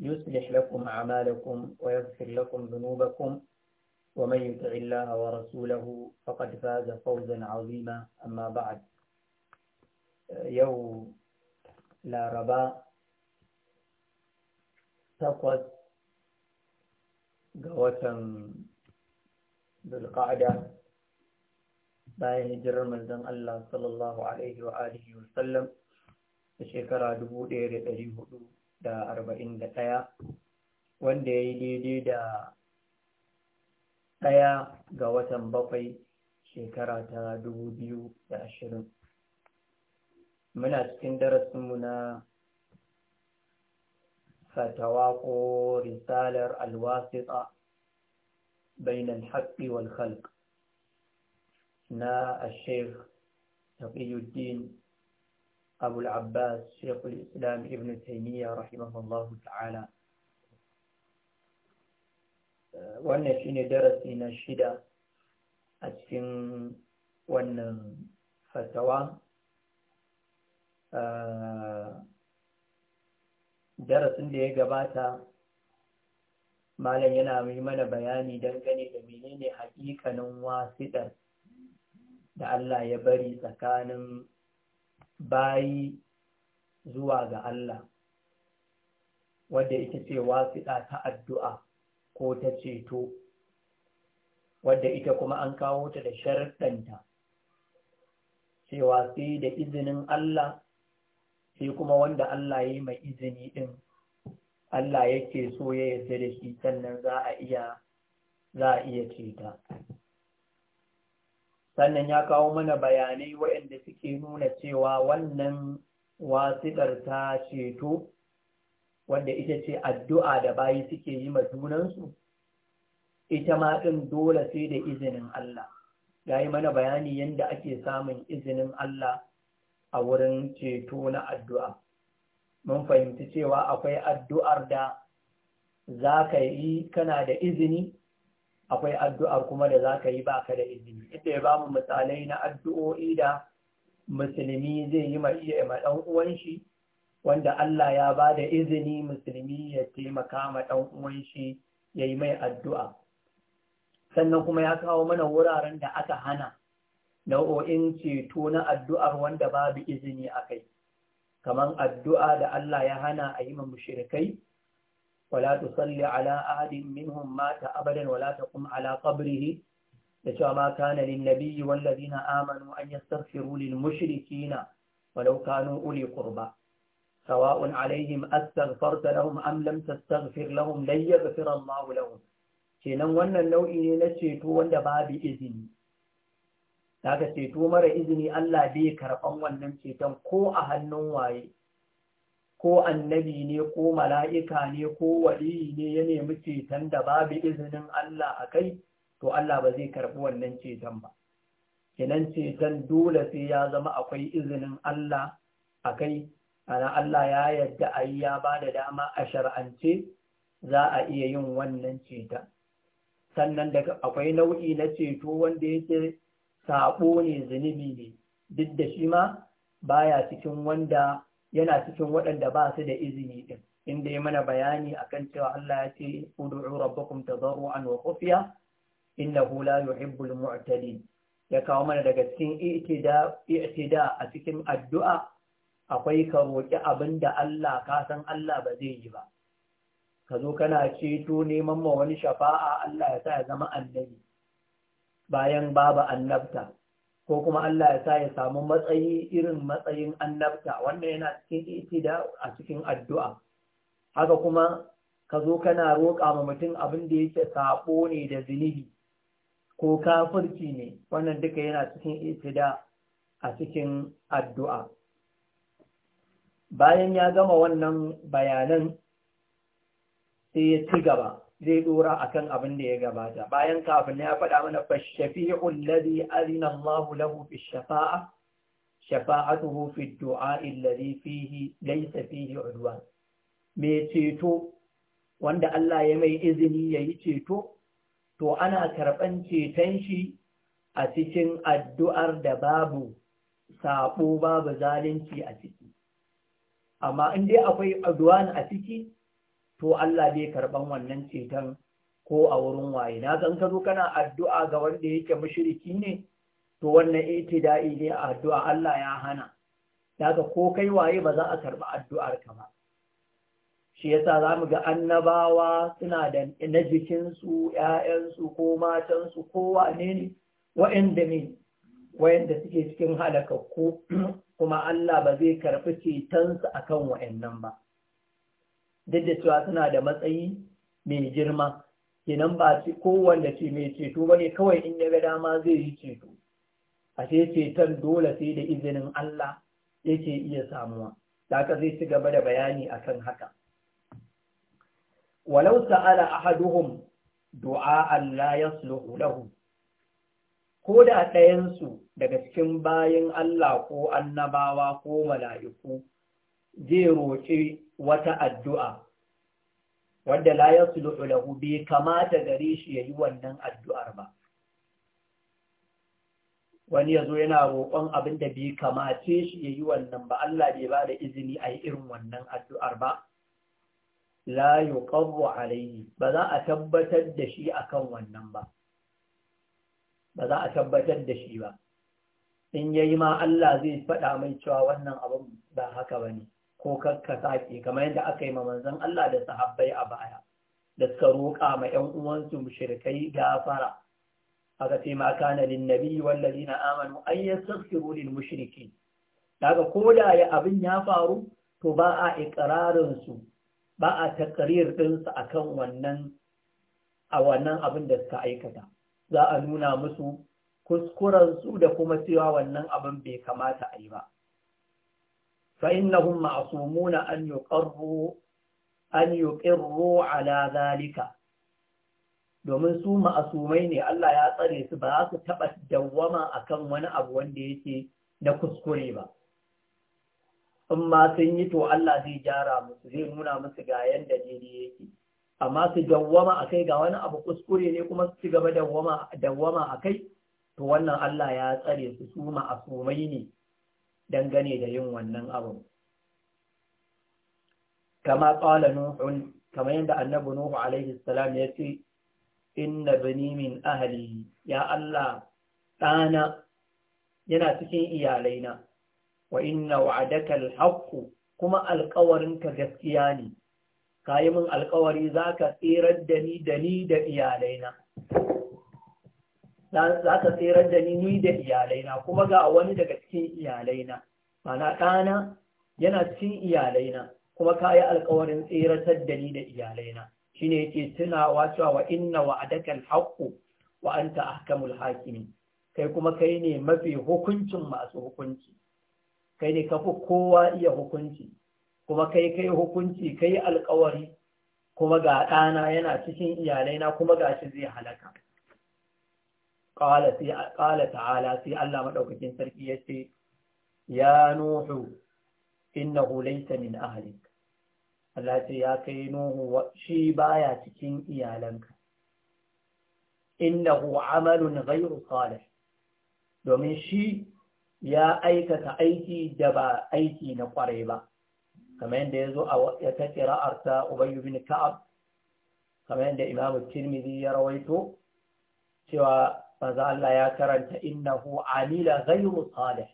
يصلح لكم أعمالكم ويغفر لكم ذنوبكم ومن يطع الله ورسوله فقد فاز فوزا عظيما أما بعد يوم لا ربا تقوت قوة بالقعدة bayan hijirar manzon Allah sallallahu Alaihi wa alihi wasallam da shekara 1440 da arba'in da ɗaya wanda ya yi daidai da ɗaya ga watan bakwai shekara ta dubu biyu da ashirin muna cikin darasinmu na fatawa ko risalar alwasita bainal الحق والخلق na a تقي tafiyuddin أبو العباس شيخ الإسلام ابن تيمية رحمه الله wannan shine darasi na shida a cikin wannan fatawa ah, darasin da ya gabata malam yana yi mana bayani dangane da menene hakikanin wasiɗar da Allah ya bari tsakanin bayi zuwa ga Allah wadda ita ce wasiɗa ta addu'a ko ta ceto wadda ita kuma an kawo ta da sharɗanta cewa sai da izinin Allah sai kuma wanda Allah ya yi mai izini ɗin Allah yake so ya yarda da shi sannan za a iya za a iya ceta. sannan ya kawo mana bayanai waɗanda suke nuna cewa wannan wasiɗar ta ceto wanda ita ce addu'a da bayi suke yi ma junansu ita ma ɗin dole sai da izinin Allah ya yi mana bayani yadda ake samun izinin Allah a wurin ceto na addu'a mun fahimci cewa akwai addu'ar da za ka yi kana da izini akwai addu'ar kuma da za ka yi ba ka da izini inda ya ba mu misalai na addu'o'i da musulmi zai yi ma iya ma ɗan uwan shi wanda Allah ya ba da izini musulmi ya taimaka ma ɗan uwan shi ya yi mai addu'a sannan kuma ya kawo mana wuraren da aka hana nau'o'in ceto na addu'ar wanda babu izini a kai kamar addu'a da Allah ya hana a yi ma mushirikai ولا تصلي على أحد منهم مات أبدا ولا تقم على قبره يتوى ما كان للنبي والذين آمنوا أن يستغفروا للمشركين ولو كانوا أولي قربى سواء عليهم أستغفرت لهم أم لم تستغفر لهم لن يغفر الله لهم kenan wannan nau'i ne na ceto wanda babu izini daga ceto mara izini Allah bai karɓan wannan ceton ko a hannun waye ko annabi ne ko mala'ika ne ko wali ne ya nemi ceton da babu izinin Allah a kai, to Allah ba zai karɓi wannan ceton ba. Kinan ceton dole sai ya zama akwai izinin Allah a kai, ana Allah ya yadda a yi ya ba da dama a shar'ance za a iya yin wannan ceton. Sannan da akwai nau'i na ceto wanda yake saɓo ne zunubi ne, duk da shi ma baya cikin wanda yana cikin waɗanda ba su da izini ɗin. inda ya mana bayani akan cewa Allah ya ce ud'u rabbakum tadarruan wa khufiya innahu la yuhibbul mu'tadin ya kawo mana daga cikin i'tida a cikin addu'a akwai ka abin abinda Allah ka san Allah ba zai yi ba ka zo kana ceto neman ma wani shafa'a Allah ya sa ya zama annabi bayan babu annabta ko kuma Allah ya sa ya samu matsayi irin matsayin annabta wannan yana cikin itida a cikin addu'a haka kuma ka zo kana roƙa ma mutum abin da yake sabo ne da zunubi ko kafirci ne wannan duka yana cikin itida a cikin addu'a bayan ya gama wannan bayanan sai ya ci gaba zai dora akan abin da ya gabata bayan kafin ya faɗa mana fashafi'un ladhi azina Allahu lahu fi shafa'a shafa'atuhu fi du'a alladhi fihi laysa fihi udwan me ceto wanda Allah ya mai izini yayi ceto to ana karban ceton shi a cikin addu'ar da babu sabo babu zalunci a ciki amma in dai akwai udwan a ciki to Allah bai karban wannan ceton ko a wurin waye na san ka zo kana addu'a ga wanda yake mushriki ne to wannan itida'i ne addu'a Allah ya hana daga ko kai waye ba za a karɓi addu'ar ka ba shi yasa za mu ga annabawa suna da na jikinsu ‘ya'yansu ko matansu ko wane ne wa'yanda ne wa'yanda suke cikin halakakku kuma Allah ba zai karfi cetonsu a kan wa'yannan ba duk da cewa suna da matsayi mai girma kenan ba kowanne ce mai ceto ba ne kawai in yaga dama zai yi ceto ashe ceton dole sai da izinin Allah yake iya samuwa ka zai ci gaba da bayani akan haka walau sa'ala ahaduhum Allah ya yasluhu lahu ko da ɗayansu daga cikin bayan Allah ko annabawa ko mala'iku zai roƙi wata addu'a wadda la ya suluhu lahu bai kamata gare shi ya yi wannan addu'ar ba. Wani ya zo yana roƙon abin da bai kamace shi ya yi wannan ba, Allah bai ba da izini a yi irin wannan addu'ar ba. La yi ƙarro alayhi, ba za a tabbatar da shi a wannan ba. Ba za a tabbatar da shi ba. In yayi ma Allah zai faɗa mai cewa wannan abin ba haka ba ne. ko kakka sake kamar yadda aka yi ma manzon Allah da sahabbai a baya da suka roƙa ma ƴan uwansu mushrikai gafara aka ce ma kana lin nabi wal ladina amanu ay yastaghfiru lil mushriki daga koda ya abin ya faru to ba a iqrarin su ba a takrir din su akan wannan a wannan abin da suka aikata za a nuna musu kuskuren su da kuma cewa wannan abin bai kamata a yi ba فإنهم معصومون أن يقروا أن يقروا على ذلك domin su ma'asumai ne Allah ya tsare su ba su taɓa dawwama akan wani abu wanda yake na kuskure ba in ma sun yi to Allah zai gyara musu zai nuna musu ga yanda daidai yake amma su dawwama akai ga wani abu kuskure ne kuma su ci gaba dawwama akai to wannan Allah ya tsare su su ma'asumai ne dangane da yin wannan abu kama ƙwala nuhun kama yadda annabi nuhu alaihi salam ya ce inna bani min ahli ya Allah ɗana yana cikin iyalaina wa inna wa'adaka alhaqqu kuma alƙawarinka gaskiya ne kayi min alƙawari ka tsirar da ni da ni da iyalaina za ka tseren da ni ni da iyalaina kuma ga wani daga cikin iyalaina mana ɗana yana cikin iyalaina kuma ka yi alkawarin tseratar da ni da iyalaina shine yake tunawa cewa wa inna wa adakal haƙƙo wa anta ahkamul hakimi kai kuma kai ne mafi hukuncin masu hukunci kai ne kafi kowa iya hukunci kuma kai kai hukunci kai alkawari kuma ga ɗana yana cikin iyalaina kuma ga shi zai halaka ƙala ta'ala sai Allah maɗaukakin sarki ya ce, Ya Nuhu, innahu laysa min ahlik. Allah ce ya kai Nuhu shi baya cikin iyalanka. Innahu amalun ghayru salih. Domin shi ya aikata aiki da ba aiki na kwarai ba. Kamar yadda ya zo a ta kira'arta Ubayyu bin Ka'ab, kamar yadda Imam Tirmidhi ya rawaito cewa manzo Allah ya karanta innahu amila ghayru salih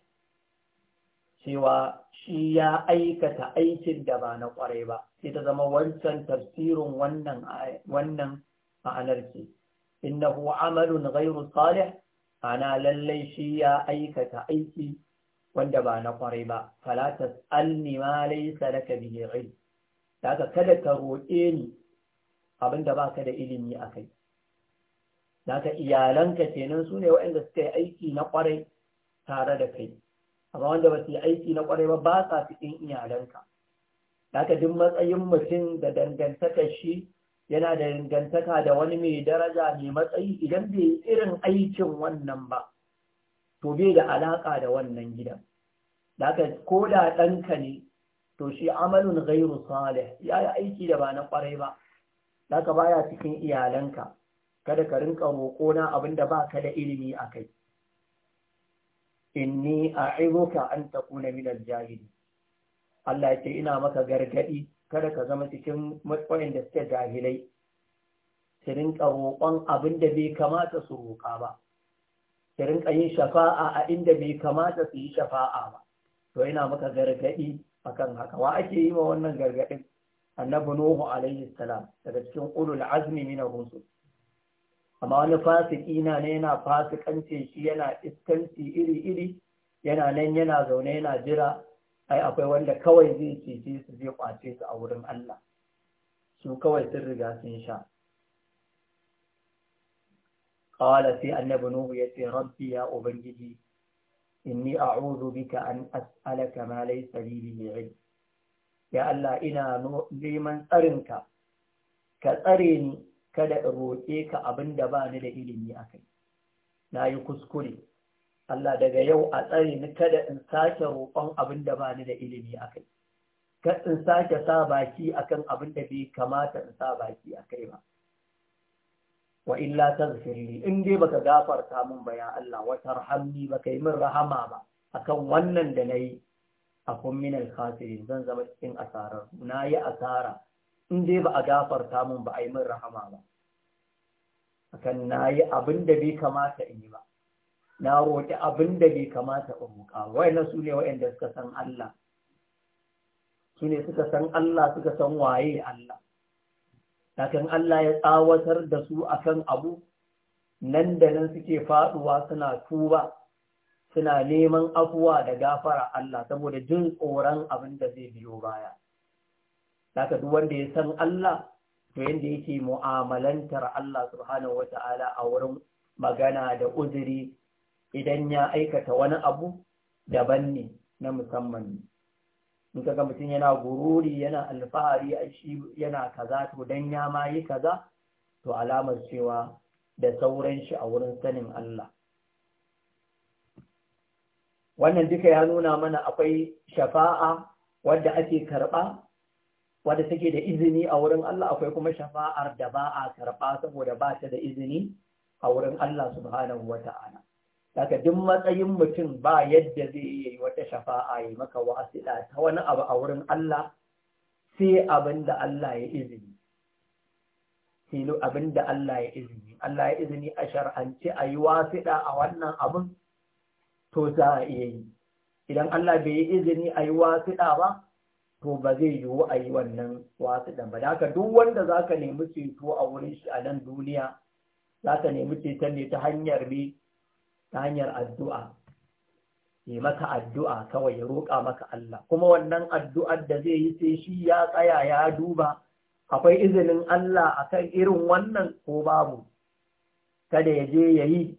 cewa shi ya aikata aikin da ba na kwarai ba sai ta zama wancan tafsirin wannan wannan ma'anar ce innahu amalun ghayru salih ana lallai shi ya aikata aiki wanda ba na kwarai ba fala tas'alni ma laysa laka bihi ilm kada ka roƙe ni abinda baka da ilimi akai Naka iyalanka kenan su ne waɗanda suka yi aiki na ƙwarai tare da kai. Amma wanda ba su yi aiki na ƙwarai ba ba sa cikin iyalanka. Naka duk matsayin mutum da dangantaka shi yana da dangantaka da wani mai daraja mai matsayi idan bai yi irin aikin wannan ba. To bai da alaƙa da wannan gidan. Naka ko da ɗanka ne to shi amalin gairu salih ya yi aiki da ba na ƙwarai ba. Naka baya cikin iyalanka. kada ka rinka roƙona abinda ba ka da ilimi a kai inni a a'iduka an takuna min minar jahili Allah ya ce ina maka gargaɗi kada ka zama cikin matsayin da suke jahilai su rinka roƙon abinda bai kamata su roƙa ba su rinka yin shafa'a a inda bai kamata su yi shafa'a ba to ina maka gargadi akan haka wa ake yi wa wannan gargaɗin annabi nuhu alaihi salam daga cikin ulul azmi mina rusul amma wani fasiki na ne yana fasikance shi yana iskanci iri-iri yana nan yana zaune yana jira ai akwai wanda kawai zai cece su zai kwace su a wurin Allah su kawai sun riga sun sha qala sai annabi nuhu yace rabbi ya ubangiji inni a'udhu bika an as'alaka ma laysa li bihi ilm ya Allah ina neman tsarinka ka tsare ni kada in roƙe ka abin da ba ni da ilimi a kai na yi kuskure Allah daga yau a tsare ni kada in sake roƙon abin da ba ni da ilimi a kai kada in sake sa baki akan abin da bai kamata in sa baki a kai ba wa illa tazfirli in dai baka gafarta min ba ya Allah wa tarhamni baka yi min rahama ba akan wannan da nayi akun min al zan zama cikin asarar na yi asara in dai ba a gafarta mun ba a yi min rahama ba akan na yi abin da bai kamata in yi ba na roƙi abin da bai kamata in roƙa wa'ina su ne wa'inda suka san Allah su ne suka san Allah suka san waye Allah akan Allah ya tsawatar da su akan abu nan da nan suke faɗuwa suna tuba suna neman afuwa da gafara Allah saboda jin tsoron abin da zai biyo baya Zaka duk wanda ya san Allah to yanda yake mu'amalantar Allah subhanahu wata'ala a wurin magana da uzuri idan ya aikata wani abu daban ne na musamman in kaga mutum yana gururi yana alfahari shi yana kaza to dan ya ma yi kaza to alamar cewa da sauran shi a wurin sanin Allah wannan duka ya nuna mana akwai shafa'a wadda ake karɓa wadda take da izini a wurin Allah akwai kuma shafa'ar da ba a karɓa saboda ba ta da izini a wurin Allah subhanahu wa ta'ala. Daga duk matsayin mutum ba yadda zai iya yi wata shafa'a yi maka wasiɗa ta wani abu a wurin Allah sai abin da Allah ya izini. Silo abin da Allah ya izini. Allah ya izini a shar'ance a yi wasiɗa a wannan abin to za a iya yi. Idan Allah bai yi izini a yi wasiɗa ba, to ba zai yiwu a yi wannan wasu ɗan ba haka duk wanda za ka nemi ceto a wurin shi a nan duniya za ka nemi ceton ne ta hanyar ne ta hanyar addu'a yi maka addu'a kawai ya roƙa maka Allah kuma wannan addu'ar da zai yi sai shi ya tsaya ya duba akwai izinin Allah a kan irin wannan ko babu kada ya je ya yi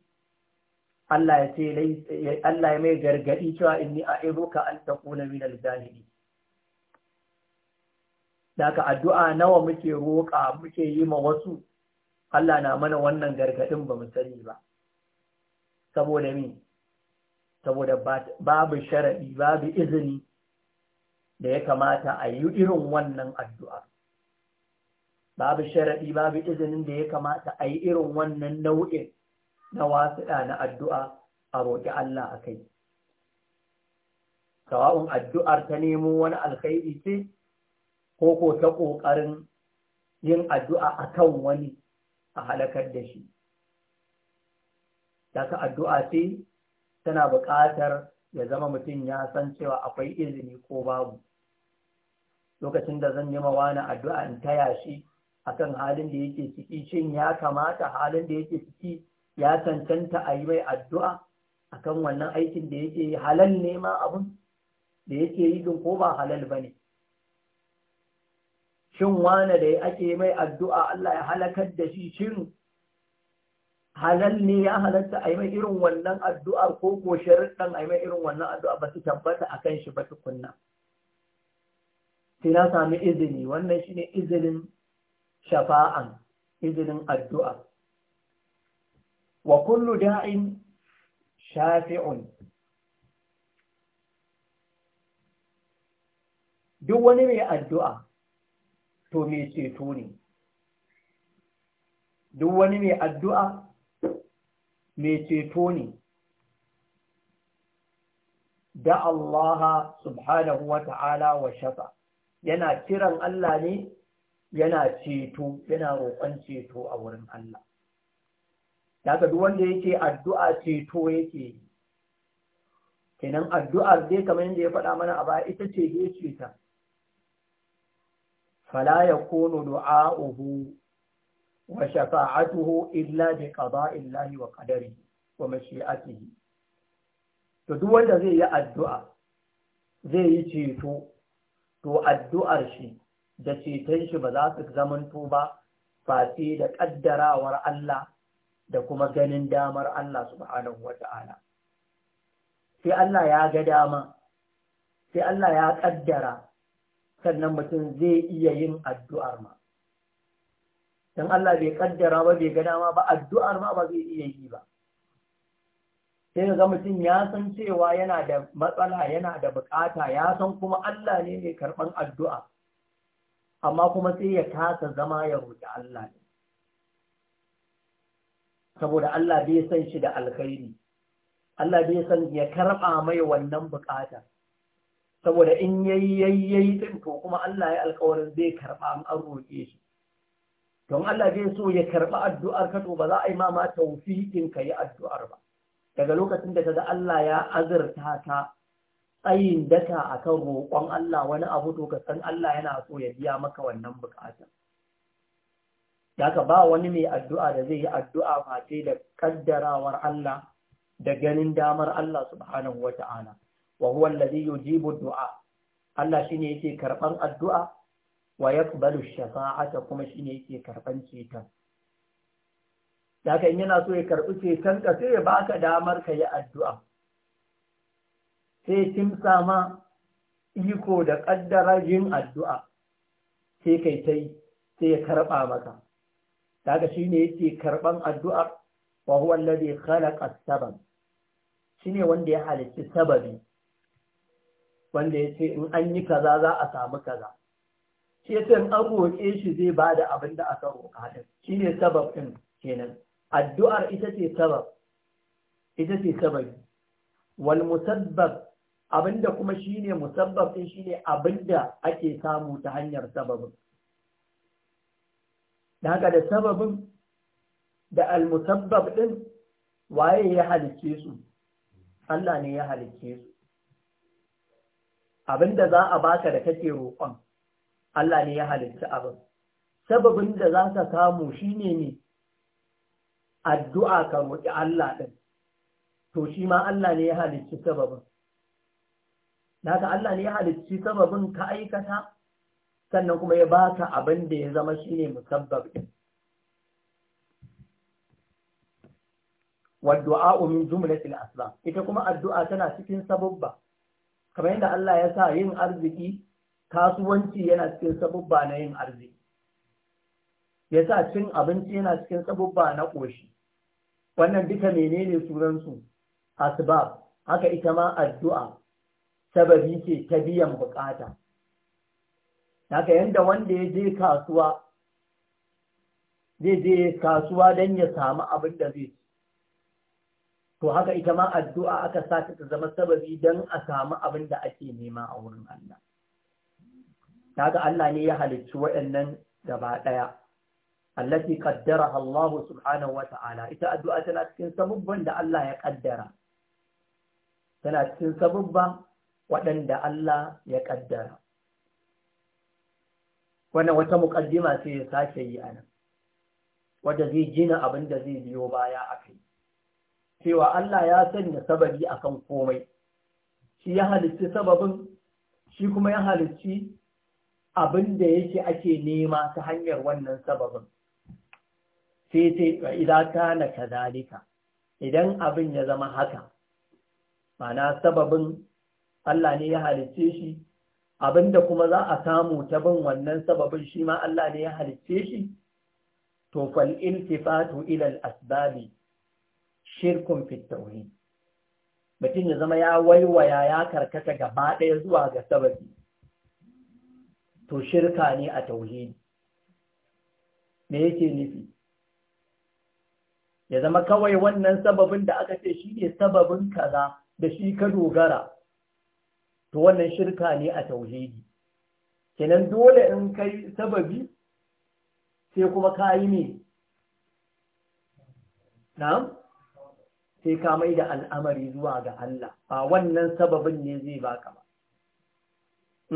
Allah ya ce Allah ya mai gargaɗi cewa inni a iruka an taƙuna min al-zahiri da addu'a nawa muke roƙa muke yi ma wasu Allah na mana wannan gargaɗin ba mu sani ba saboda me saboda babu sharaɗi babu izini da ya kamata a yi irin wannan addu'a babu sharaɗi babu izinin da ya kamata a yi irin wannan nau'in na wasuɗa na addu'a a roƙi Allah a kai. Sawa'un addu'ar ta nemo wani alkhairi ce ko ko ta ƙoƙarin yin addu'a akan wani a halakar da shi. Daga addu'a ce tana buƙatar ya zama mutum ya san cewa akwai izini ko babu. Lokacin da zan yi wani addu'a in taya shi akan halin da yake ciki, shin ya kamata halin da yake ciki ya cancanta a yi mai addu'a akan wannan aikin da yake halal ne ma abin da yake yi ko ba halal ba ne. shin wane da ake mai addu'a Allah ya halakar da shi shin halal ne ya halatta a yi mai irin wannan addu'ar ko ko sharuɗan a yi mai irin wannan addu'a ba su tabbata a kan shi ba tukunna. Sai na sami izini, wannan shi izinin shafa'an, izinin addu'a. Wa kullu da'in shafi'un. Duk wani mai addu'a to mai ceto ne duk wani mai addu'a mai ceto ne da Allah subhanahu wa ta'ala wa shafa yana kiran Allah ne yana ceto yana roƙon ceto a wurin Allah daga duk wanda yake addu'a ceto yake kenan addu'ar dai kamar yadda ya faɗa mana a baya ita ce ya ce ta فلا يكون دعاؤه وشفاعته إلا بقضاء الله وقدره ومشيئته تدوان addu'a, الدعاء yi ceto, تو الدعاء شي da ceton shi ba za su zamanto ba face da ƙaddarawar Allah da kuma ganin damar Allah subhanahu wa ta'ala. Sai Allah ya ga dama, sai Allah ya ƙaddara sannan mutum zai iya yin addu'ar ma don Allah bai kaddara ba bai gada ma ba addu'ar ma ba zai iya yi ba sai ga mutum ya san cewa yana da matsala yana da bukata ya san kuma Allah ne mai karban addu'a amma kuma sai ya kasa zama ya roƙi Allah ne saboda Allah bai san shi da alkhairi Allah bai san ya karɓa mai wannan bukatar saboda in yayi yayi din to kuma Allah ya alƙawarin zai karba an roke shi don Allah zai so ya karba addu'ar ka to ba za a yi ma ma tawfiqin ka yi addu'ar ba daga lokacin da kaga Allah ya azurta ta tsayin daka akan roƙon Allah wani abu to ka san Allah yana so ya biya maka wannan buƙatar ka ba wani mai addu'a da zai yi addu'a face da ƙaddarawar Allah da ganin damar Allah subhanahu wa wa huwa alladhi yujibu du'a Allah shine yake karban addu'a wa yaqbalu shafa'ata kuma shine yake karban ceton daga in yana so ya karɓi ceton ka sai ya baka damar ka yi addu'a sai kin sama iko da ƙaddara yin addu'a sai kai ta sai ya karɓa maka. Daga shi ne yake karɓan addu'a, wa huwa khalaƙa saban, shi ne wanda ya halitta sababi wanda ya ce in an yi kaza za a samu kaza shi ya ce in an roƙe shi zai ba da abin da aka roƙa din shi ne sabab ɗin kenan addu'ar ita ce sabab ita ce sabab wal musabbab abin da kuma shi ne musabbab ɗin shi ne abin da ake samu ta hanyar sababin da haka da sababin da al musabbab ɗin waye ya halicce su Allah ne ya halicce su abin da za a baka da kake roƙon Allah ne ya halitta abin sababin da za ka samu shine ne addu'a ka roƙi Allah ɗin to shi ma Allah ne ya halicci sababin naka Allah ne ya halicci sababin ka aikata sannan kuma ya baka abin da ya zama shine musabbab ɗin wadda min jumlatil asbab ita kuma addu'a tana cikin sababba kamar yadda Allah ya sa yin arziki kasuwanci yana cikin sabubba na yin arziki ya sa cin abinci yana cikin sabubba na ƙoshi wannan duka menene sunansu asbab haka ita ma addu'a sababi ce ta biyan bukata haka yadda wanda ya je kasuwa zai je kasuwa don ya samu abin da zai ci to haka ita ma addu'a aka sa ta zama sababi don a samu abin da ake nema a wurin Allah ga Allah ne ya halicci waɗannan gaba ɗaya allati ƙaddara Allah subhanahu wa ta'ala ita addu'a tana cikin sabubban da Allah ya ƙaddara. tana cikin sabubba waɗanda Allah ya ƙaddara. wannan wata muƙaddima sai ya sake yi anan Wadda zai gina abin da zai biyo baya akai cewa Allah ya sanya sababi akan komai shi ya halicci sababin shi kuma ya halicci abin da yake ake nema ta hanyar wannan sababin sai sai idan kana kazalika idan abin ya zama haka mana sababin Allah ne ya halicce shi abinda kuma za a samu ta bin wannan sababin shi ma Allah ne ya halicce shi to fal iltifatu ila al asbabi shirkun fit mutum ya zama ya waiwaya ya karkata gaba ɗaya zuwa ga sababi to shirka ne a tauhidi me yake nufi ya zama kawai wannan sababin da aka ce shi ne sababin kaza da shi ka dogara to wannan shirka ne a tauhidi kenan dole in kai sababi sai kuma ka yi ne na'am sai ka mai da al'amari zuwa ga Allah ba wannan sababin ne zai baka ba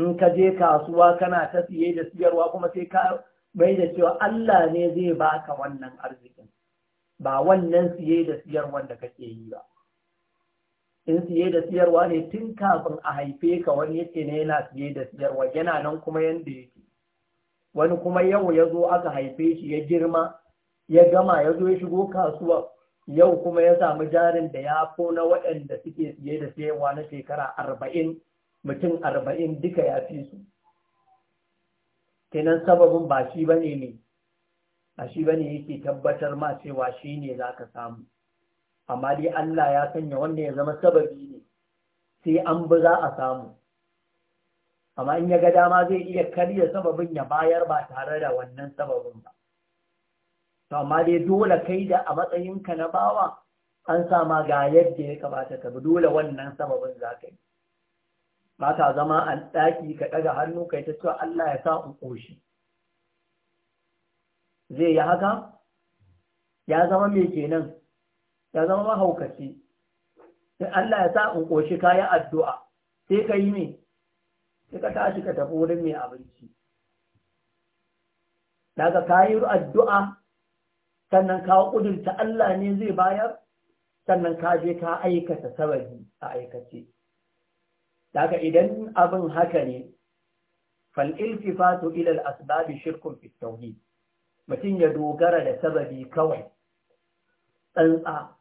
in ka je kasuwa kana ta siye da siyarwa kuma sai ka mai da cewa Allah ne zai baka wannan arzikin ba wannan siye da siyarwa da kake yi ba in siye da siyarwa ne tun kafin a haife ka wani yake ne yana siye da siyarwa yana nan kuma yanda yake wani kuma yau ya zo aka haife shi ya girma ya gama ya zo ya shigo kasuwa yau kuma ya samu jarin da ya ko na waɗanda suke siye da sayarwa na shekara arba'in mutum arba'in duka ya fi su kenan sababin ba shi ba ne ne, ba shi ba ne yake tabbatar ma cewa shi ne za ka samu amma dai Allah ya sanya wanda ya zama sababi ne sai an bi za a samu amma in ya ga dama zai iya karya sababin ya bayar ba tare da wannan sababin ba to amma dai dole kai da a matsayinka na bawa an sama ga yadda ya kamata ka bi dole wannan sababin za ka yi ba ka zama a ɗaki ka ɗaga hannu kai ta cewa Allah ya sa in ƙoshi zai yi haka ya zama mai kenan ya zama mahaukaci sai Allah ya sa in ƙoshi kayan addu'a sai ka yi ne sai ka tashi ka tafi wurin mai abinci daga kayi addu'a sannan ka ƙudurta Allah ne zai bayar sannan ka je ka aikata sababi a aikace daga idan abin haka ne fal'iltifatu ilal asbabi shirkun fitauhi mutum ya dogara da sababi kawai tsantsa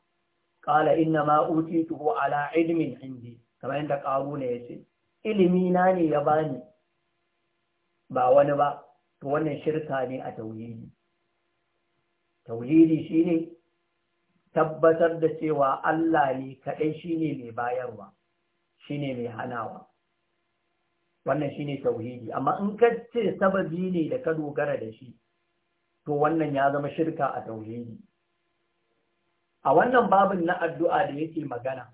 ƙala inna ma'uti tuhu ala ilmin indi kamar yadda ƙaru ne ya ce ilimi na ne ya bani ba wani ba to wannan shirka ne a tauhidi tauhidi shine tabbatar da cewa Allah ne kaɗai shine mai bayarwa shine mai hanawa wannan shine tauhidi amma in ka ce sababi ne da ka dogara da shi to wannan ya zama shirka a tauhidi a wannan babin na addu'a da yake magana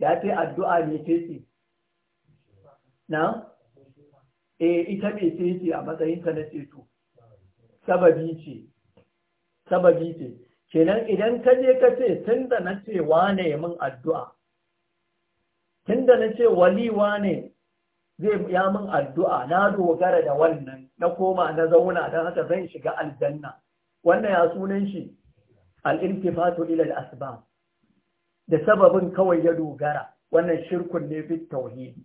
ya ce addu'a ne ce na e ita mai ce a matsayin ka na ceto sababi ce sababi ce kenan idan ka je ka ce tun da na ce wane min addu'a tun da na ce wali wane zai ya min addu'a na dogara da wannan na koma na zauna don haka zan shiga aljanna wannan ya sunan shi al'intifatu ilal asbab da sababin kawai ya dogara wannan shirkun ne fit tauhidi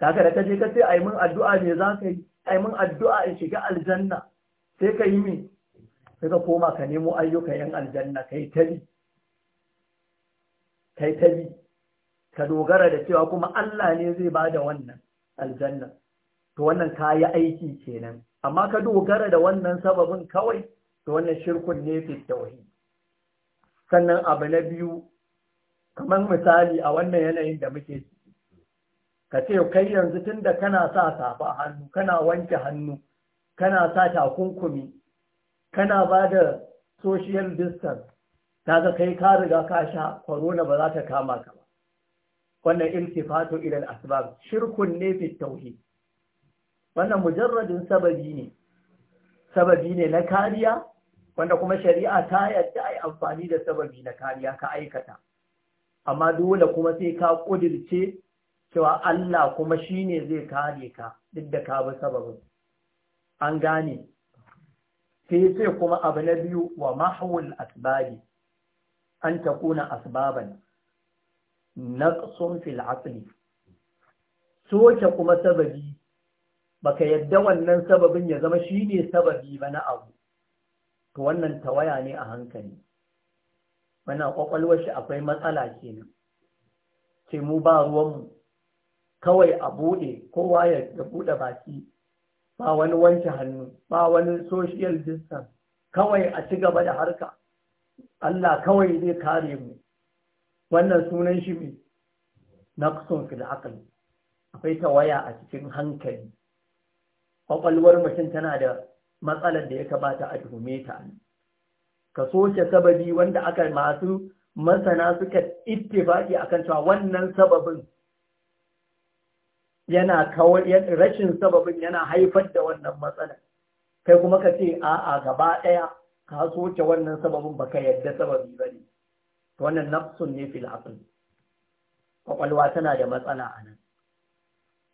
kaga da kaje ka ce ai mun addu'a ne za ka yi ai mun addu'a in shiga aljanna sai ka yi min Suka koma ka nemo ayyuka yan aljanna kai tabi kai tabi ka dogara da cewa kuma Allah ne zai bada wannan aljanna to wannan ka aiki kenan amma ka dogara da wannan sababin kawai to wannan shirkun ne fi tauhid sannan abu na biyu kamar misali a wannan yanayin da muke ka ce kai yanzu tunda kana sa safa hannu kana wanke hannu kana sa takunkumi kana ba da social distance ga kai ka riga ka sha corona ba za ta kama ka ba wannan iltifatu ila al-asbab shirkun ne fi tauhid wannan mujarradin sababi ne sababi ne na kariya wanda kuma shari'a ta yadda ai amfani da sababi na kariya ka aikata amma dole kuma sai ka kudirce cewa Allah kuma shine zai kare ka duk da ka bi sababin an gane sai ce kuma abu na biyu wa mahawul asbabi an kuna asbaban sun fil asali. soke kuma sababi baka yadda wannan sababin ya zama shine sababi ba na abu Ta wannan tawaya ne a hankali mana kwakwalwar shi akwai matsala kenan ce mu ba ruwanmu kawai a buɗe kowa ya buɗe baki ba wani wanke hannu ba wani social distance kawai a ci gaba da harka Allah kawai zai kare mu wannan sunan shi ne naqsun fil aql akwai tawaya a cikin hankali kwakwalwar mutum tana da matsalar da ya kamata a dume ta ka soke sababi wanda aka masu masana suka ittifaki akan cewa wannan sababin yana kawar rashin sababin yana haifar da wannan matsalar kai kuma ka ce a'a gaba ɗaya ka soke wannan sababin baka yadda sababi ba ne wannan nafsun ne fil aql kwakwalwa tana da matsala a nan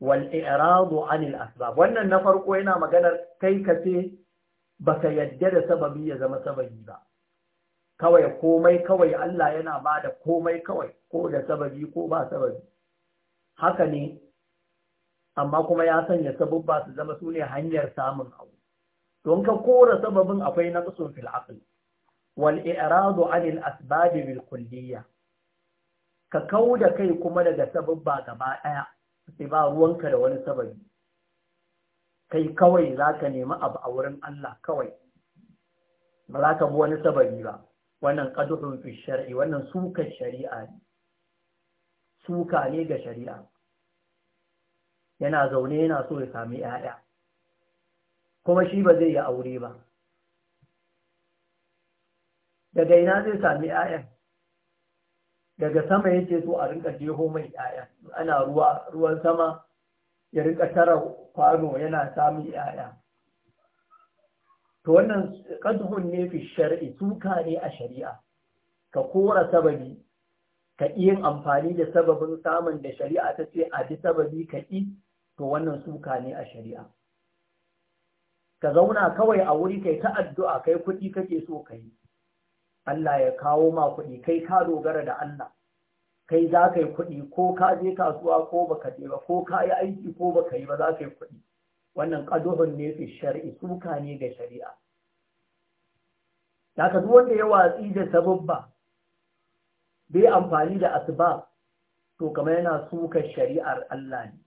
wal i'radu anil asbab wannan na farko yana maganar kai ka ce ba ka yadda da sababi ya zama sababi ba kawai komai kawai Allah yana ba da komai kawai ko da sababi ko ba sababi haka ne amma kuma ya sanya sabubba su zama su ne hanyar samun abu don ka kora sababin akwai na kaso fil aqli wal i'radu anil asbabi bil kulliyya ka kauda kai kuma daga sababba gaba daya sai ba ruwanka da wani sababi kai kawai ka nemi abu a wurin Allah kawai ba za ka bi wani sababi ba wannan qaduhun fi shar'i wannan sukan shari'a ne suka ne ga shari'a yana zaune yana so ya sami ‘ya'ya kuma shi ba zai yi aure ba daga ina zai sami ‘ya'yan daga sama yake so a rinka jeho mai ‘ya'yan ana ruwan sama ya rinka tara kwano yana sami ‘ya'ya to wannan ƙaduhun ne fi shari'i suka ne a shari'a ka kora sababi ka yin amfani da sababin samun da shari'a ta ce a ji sababi ka ƙi to wannan suka ne a shari'a ka zauna kawai a wuri kai ta addu'a kai kuɗi kake so kai Allah ya kawo ma kuɗi kai ka dogara da Allah kai za ka yi kuɗi ko ka je kasuwa ko baka je ba ko ka yi aiki ko baka yi ba za ka yi kuɗi wannan ƙaduhun ne fi shari'i suka ne ga shari'a da ka wanda ya watsi da sababba bai amfani da asbab to kamar yana suka shari'ar Allah ne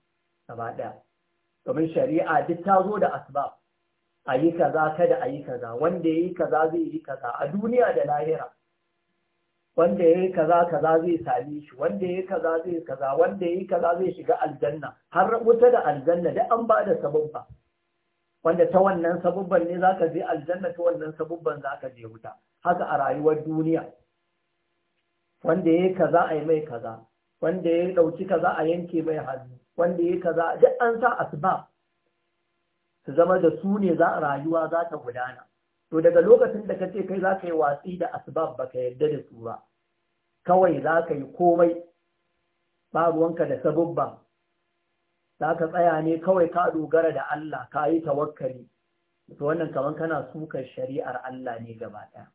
gaba ɗaya domin shari'a duk ta zo da asbab a yi kaza kada a yi kaza wanda ya yi kaza zai yi kaza a duniya da lahira wanda ya yi kaza kaza zai sami shi wanda ya yi kaza zai kaza wanda ya yi kaza zai shiga aljanna har wuta da aljanna da an ba da sababba wanda ta wannan sabubban ne za ka je aljanna ta wannan sabubban ka je wuta haka a rayuwar duniya wanda ya yi kaza a yi mai kaza wanda ya ɗauki kaza a yanke mai hannu wanda ya kaza duk an sa asbab su zama da su ne za rayuwa za ta gudana to daga lokacin da ka kace kai za ka yi watsi da asbab ka yarda da su ba kawai za ka yi komai ba ruwanka da sabubba za ka tsaya ne kawai ka dogara da Allah ka yi tawakkali to wannan kaman kana sukar shari'ar Allah ne gaba ɗaya.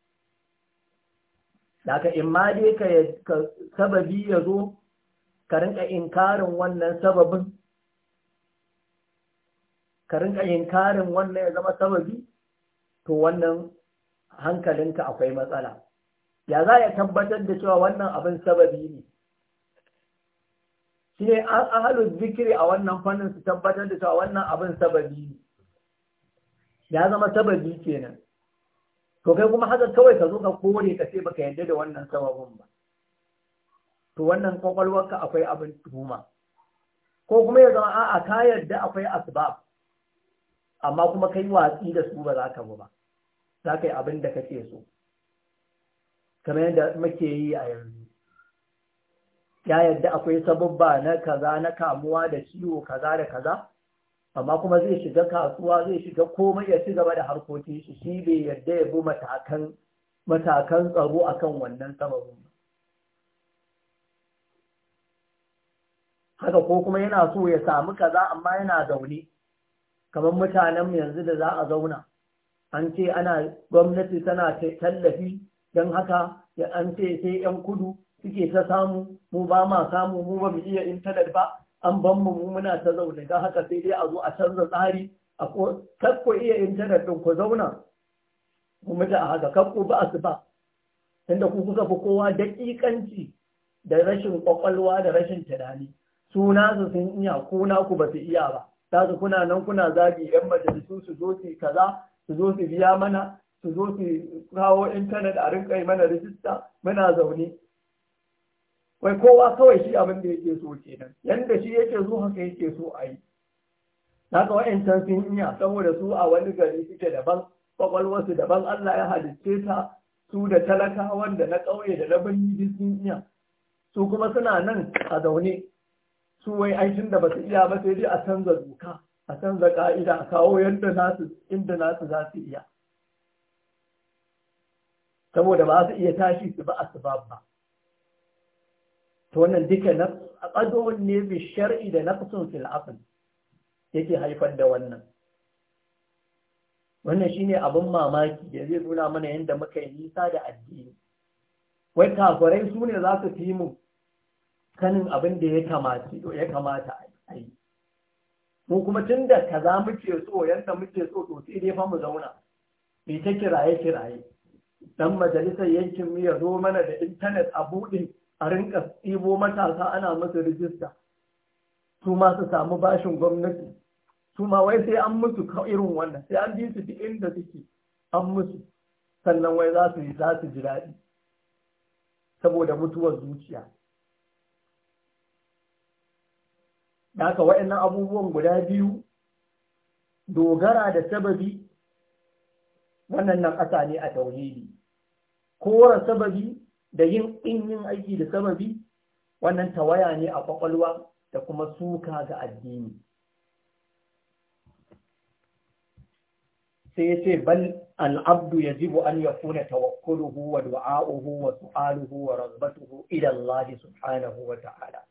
Daka in ma dai ka sababi ya zo ka inkarin wannan sababin ka inkarin wannan ya zama sababi to wannan hankalinka akwai matsala ya za ya tabbatar da cewa wannan abin sababi ne shi ne ahalus zikiri a wannan fannin su tabbatar da cewa wannan abin sababi ne ya zama sababi kenan to kai kuma haka kawai ka zo ka kore ka ce baka yarda da wannan sababin ba to wannan kwakwalwarka akwai abin tuhuma ko kuma ya zama a ka yarda akwai asbab amma kuma kai watsi da su ba za ka ba za ka yi abin da kake so kamar yadda muke yi a yanzu ya yarda akwai sababba na kaza na kamuwa da ciwo kaza da kaza amma kuma zai shiga kasuwa zai shiga komai ya ci gaba da harkokin shi shi bai yarda ya bi matakan matakan tsaro akan wannan sababin ba haka ko kuma yana so ya samu kaza amma yana zaune kamar mutanen yanzu da za a zauna an ce ana gwamnati tana tallafi don haka an ce sai 'yan kudu suke ta samu mu ba ma samu mu ba mu iya intanet ba an ban mu muna ta zaune don haka sai dai a zo a canza tsari a ko kakko iya intanet ɗin ku zauna ku mutu a haka kakko ba su ba tunda ku kuka fi kowa daƙiƙanci da rashin ƙwaƙwalwa da rashin tunani Suna su sun iya ko naku ba su iya ba Ta su kuna nan kuna zagi yan majalisu su zo su kaza su zo su biya mana su zo su kawo intanet a rinka yi mana rijista muna zaune wai kowa kawai shi abin da yake so kenan yanda shi yake so haka yake so a yi haka wa'yancan sun iya saboda su a wani gari suke daban kwakwalwarsu daban Allah ya halicce ta su da talakawan da na ƙauye da na birni sun iya su kuma suna nan a zaune su wai aikin da ba su iya ba sai dai a canza doka a canza ka'ida a kawo yadda nasu inda nasu za su iya saboda ba su iya tashi su ba su ba to wannan duka na qadun ne bi shar'i da na fil aql yake haifar da wannan wannan shine abin mamaki da zai nuna mana yadda muka yi nisa da addini wai kafirai su ne za su fi mu sanin abin da ya kamata a yi mu kuma tun da kaza muke so yadda muke so to sai dai fa mu zauna me ta kiraye kiraye dan majalisar yankin mu ya zo mana da intanet a buɗe a rinka tsibo matasa ana musu rijista su ma su samu bashin gwamnati su ma wai sai an musu irin wannan sai an bi su duk inda suke an musu sannan wai za su yi za su ji daɗi saboda mutuwar zuciya haka waɗannan abubuwan guda biyu dogara da sababi wannan nan ƙasa ne a tauhidi kora sababi da yin yin aiki da sababi wannan tawaya ne a ƙwaƙwalwa da kuma suka ga addini sai ya ce bal al'abdu ya yajibu an ya kuna tawakkuluhu wa du'a'uhu wa su'aluhu wa razbatuhu ila Allah subhanahu wa ta'ala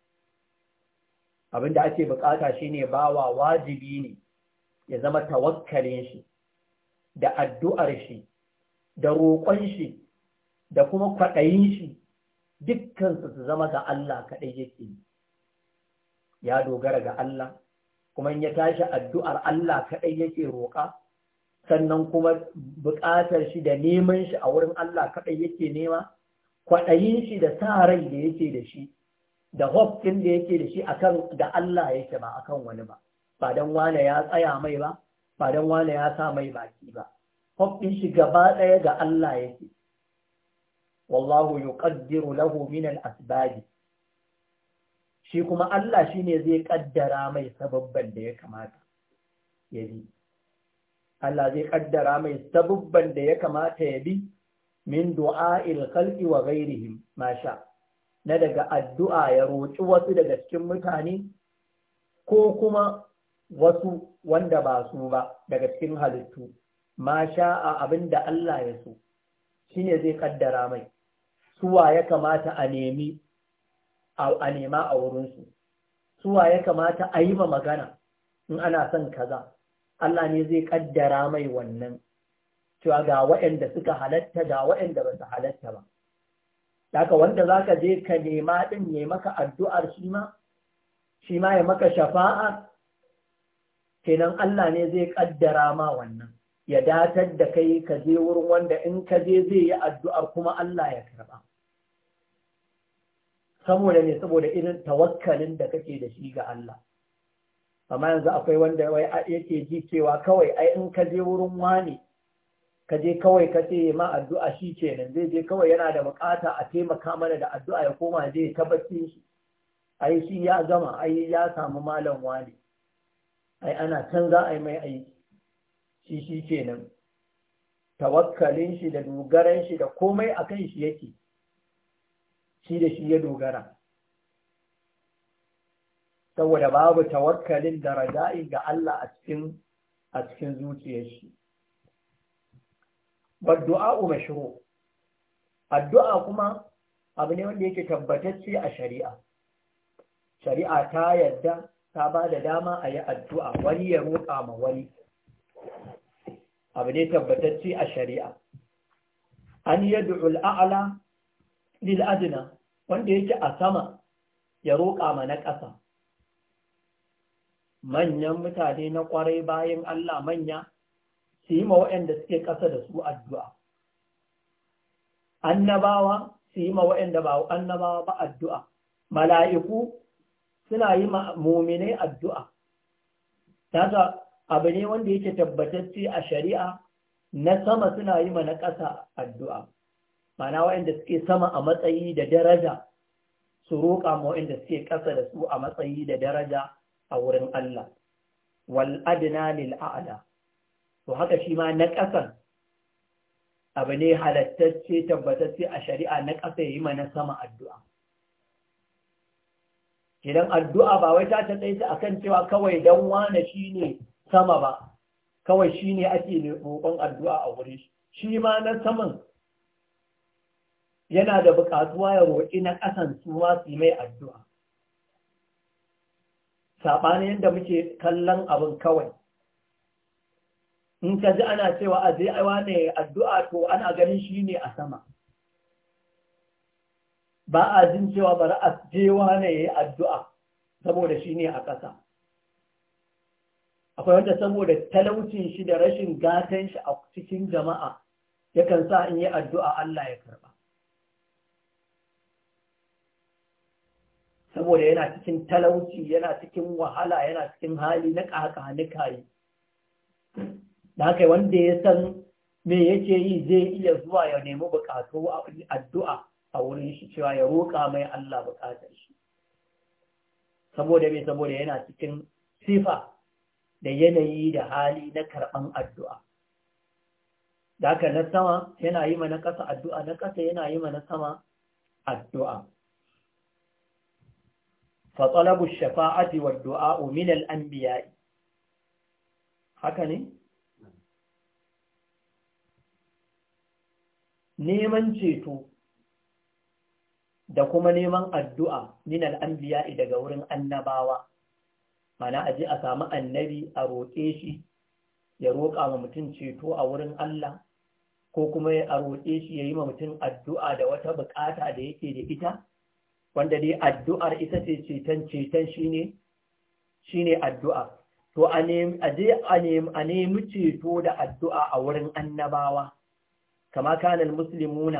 Abin da ake bukata shine bawa wajibi ne ya zama tawakkalin shi da addu'ar shi da roƙon shi da kuma kwaɗayin shi dukkan su zama ga Allah kaɗai yake ya dogara ga Allah kuma in ya tashi addu'ar Allah kaɗai yake roƙa sannan kuma buƙatar shi da neman shi a wurin Allah kaɗai yake nema kwaɗayin shi da sa rai da yake da shi da hope ɗin da yake da shi akan da Allah yake ba akan wani ba ba dan wane ya tsaya mai ba ba dan wane ya sa mai baki ba hope ɗin shi gaba ɗaya ga Allah yake wallahu yuqaddiru lahu min al shi kuma Allah shine zai ƙaddara mai sababban da ya kamata ya bi Allah zai ƙaddara mai sababban da ya kamata ya bi min du'a'il khalqi wa ghairihim masha. Allah. na daga addu'a ya roƙi wasu daga cikin mutane ko kuma wasu wanda ba su ba daga cikin halittu ma a abin da Allah ya so shi ne zai ƙaddara mai suwa ya kamata a nemi a nema a wurinsu suwa ya kamata a yi ma magana in ana son kaza Allah ne zai ƙaddara mai wannan cewa ga waɗanda suka halatta ga waɗanda ba su halatta ba Daka wanda za ka je ka nema ɗin ya maka addu'ar shi ma, shi ma ya maka shafa'a, kenan Allah ne zai ƙaddara ma wannan, ya datar da kai ka je wurin wanda in ka je zai yi addu'ar kuma Allah ya karɓa. Saboda ne saboda irin tawakkalin da kake da shi ga Allah. Amma yanzu akwai wanda yake ji cewa kawai ai in ka je wurin wani ka je kawai ka ce ma addu'a shi kenan zai je kawai yana da bukata a taimaka mana da addu'a ya koma zai ta bacci shi ai shi ya gama ai ya samu malam wani ai ana can za a yi mai aiki shi shi kenan tawakkalin shi da dogaran shi da komai akan shi yake shi da shi ya dogara saboda babu tawakkalin da raja'in ga Allah a cikin a cikin zuciyar shi wa mashru addu'a kuma abu ne wanda yake tabbatacce a shari'a shari'a ta yadda ta ba da dama a yi addu'a wani ya roƙa ma wani abu ne tabbatacce a shari'a an yi du'ul a'ala lil wanda yake a sama ya roƙa ma na ƙasa manyan mutane na ƙwarai bayan Allah manya su yi ma waɗanda suke ƙasa da su addu'a annabawa su yi ma waɗanda ba annabawa ba addu'a mala'iku suna yi ma muminai addu'a Tata abu ne wanda yake tabbatacce a shari'a na sama suna yi ma na ƙasa addu'a mana waɗanda suke sama a matsayi da daraja su roƙa ma waɗanda suke ƙasa da su a matsayi da daraja a wurin Allah wal lil’a’ala. a'la to haka shi ma na ƙasan abu ne halattacce tabbatacce a shari'a na ƙasa yayi mana sama addu'a idan addu'a ba wai ta ta akan cewa kawai don wane shi ne sama ba kawai shi ne ake roƙon addu'a a wuri shi shi ma na saman yana da buƙatuwa ya roƙi na ƙasan su ma su mai addu'a saɓanin yadda muke kallon abin kawai in ka ji ana cewa a je aiwa ne addu'a to ana ganin shi ne a sama ba a jin cewa bari a wa ne ya yi addu'a saboda shi ne a ƙasa akwai wanda saboda talaucin shi da rashin gatan shi a cikin jama'a yakan sa in yi addu'a Allah ya karɓa saboda yana cikin talauci yana cikin wahala yana cikin hali na ƙaƙa ni kayi da haka wanda ya san me yake yi zai iya zuwa ya nemi bukatu addu'a a wurin shi cewa ya roƙa mai Allah bukatar shi saboda me saboda yana cikin sifa da yanayi da hali na karɓan addu'a da haka na sama yana yi mana ƙasa addu'a na ƙasa yana yi mana sama addu'a fatsalabu shafa'ati wa du'a min al'anbiya'i haka ne neman ceto da kuma neman addu'a biya al'ambiya daga wurin annabawa mana a je a samu annabi a roƙe shi ya roƙa ma mutum ceto a wurin Allah ko kuma a roƙe shi ya yi ma mutum addu'a da wata buƙata da yake da ita wanda dai addu'ar ita ce ceton ceton shi ne addu'a to a nemi ceto da addu'a a wurin annabawa كما كان المسلمون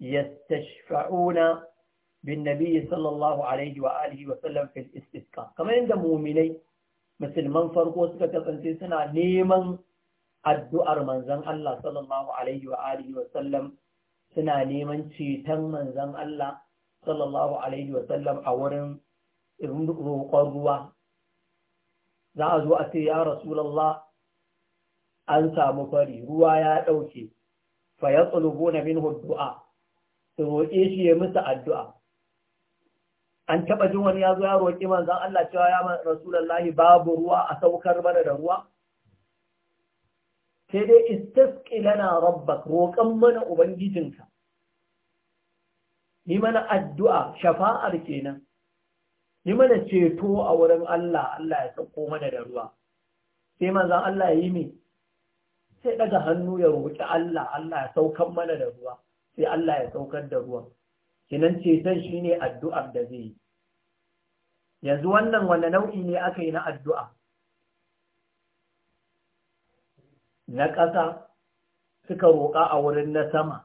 يستشفعون بالنبي صلى الله عليه وآله وسلم في الاستسقاء كما عند مؤمني مثل من فرقوا سكة سنة نيما addu'ar manzan Allah sallallahu Alaihi wa Alihi wasallam suna neman ceton manzan Allah sallallahu Alaihi wasallam a wurin roƙon ruwa. Za a zo a ce, “Ya Rasulallah, an samu fari, ruwa ya ɗauke, fa yatsulubuna minhu du'a su roƙe shi ya musu addu'a an taɓa jin wani ya ya roƙi manzan Allah cewa ya rasulallahi babu ruwa a saukar mana da ruwa sai dai istasqi lana rabbak roƙan mana ubangijinka yi mana addu'a shafa'ar kenan yi mana ceto a wurin Allah Allah ya sauko mana da ruwa sai zan Allah ya yi mai sai daga hannu ya roƙi Allah Allah ya saukar mana da ruwa sai Allah ya saukar da ruwan kinan ceton shine addu'ar da zai yi yanzu wannan wanda nau'i ne aka yi na addu'a na ƙasa suka roƙa a wurin na sama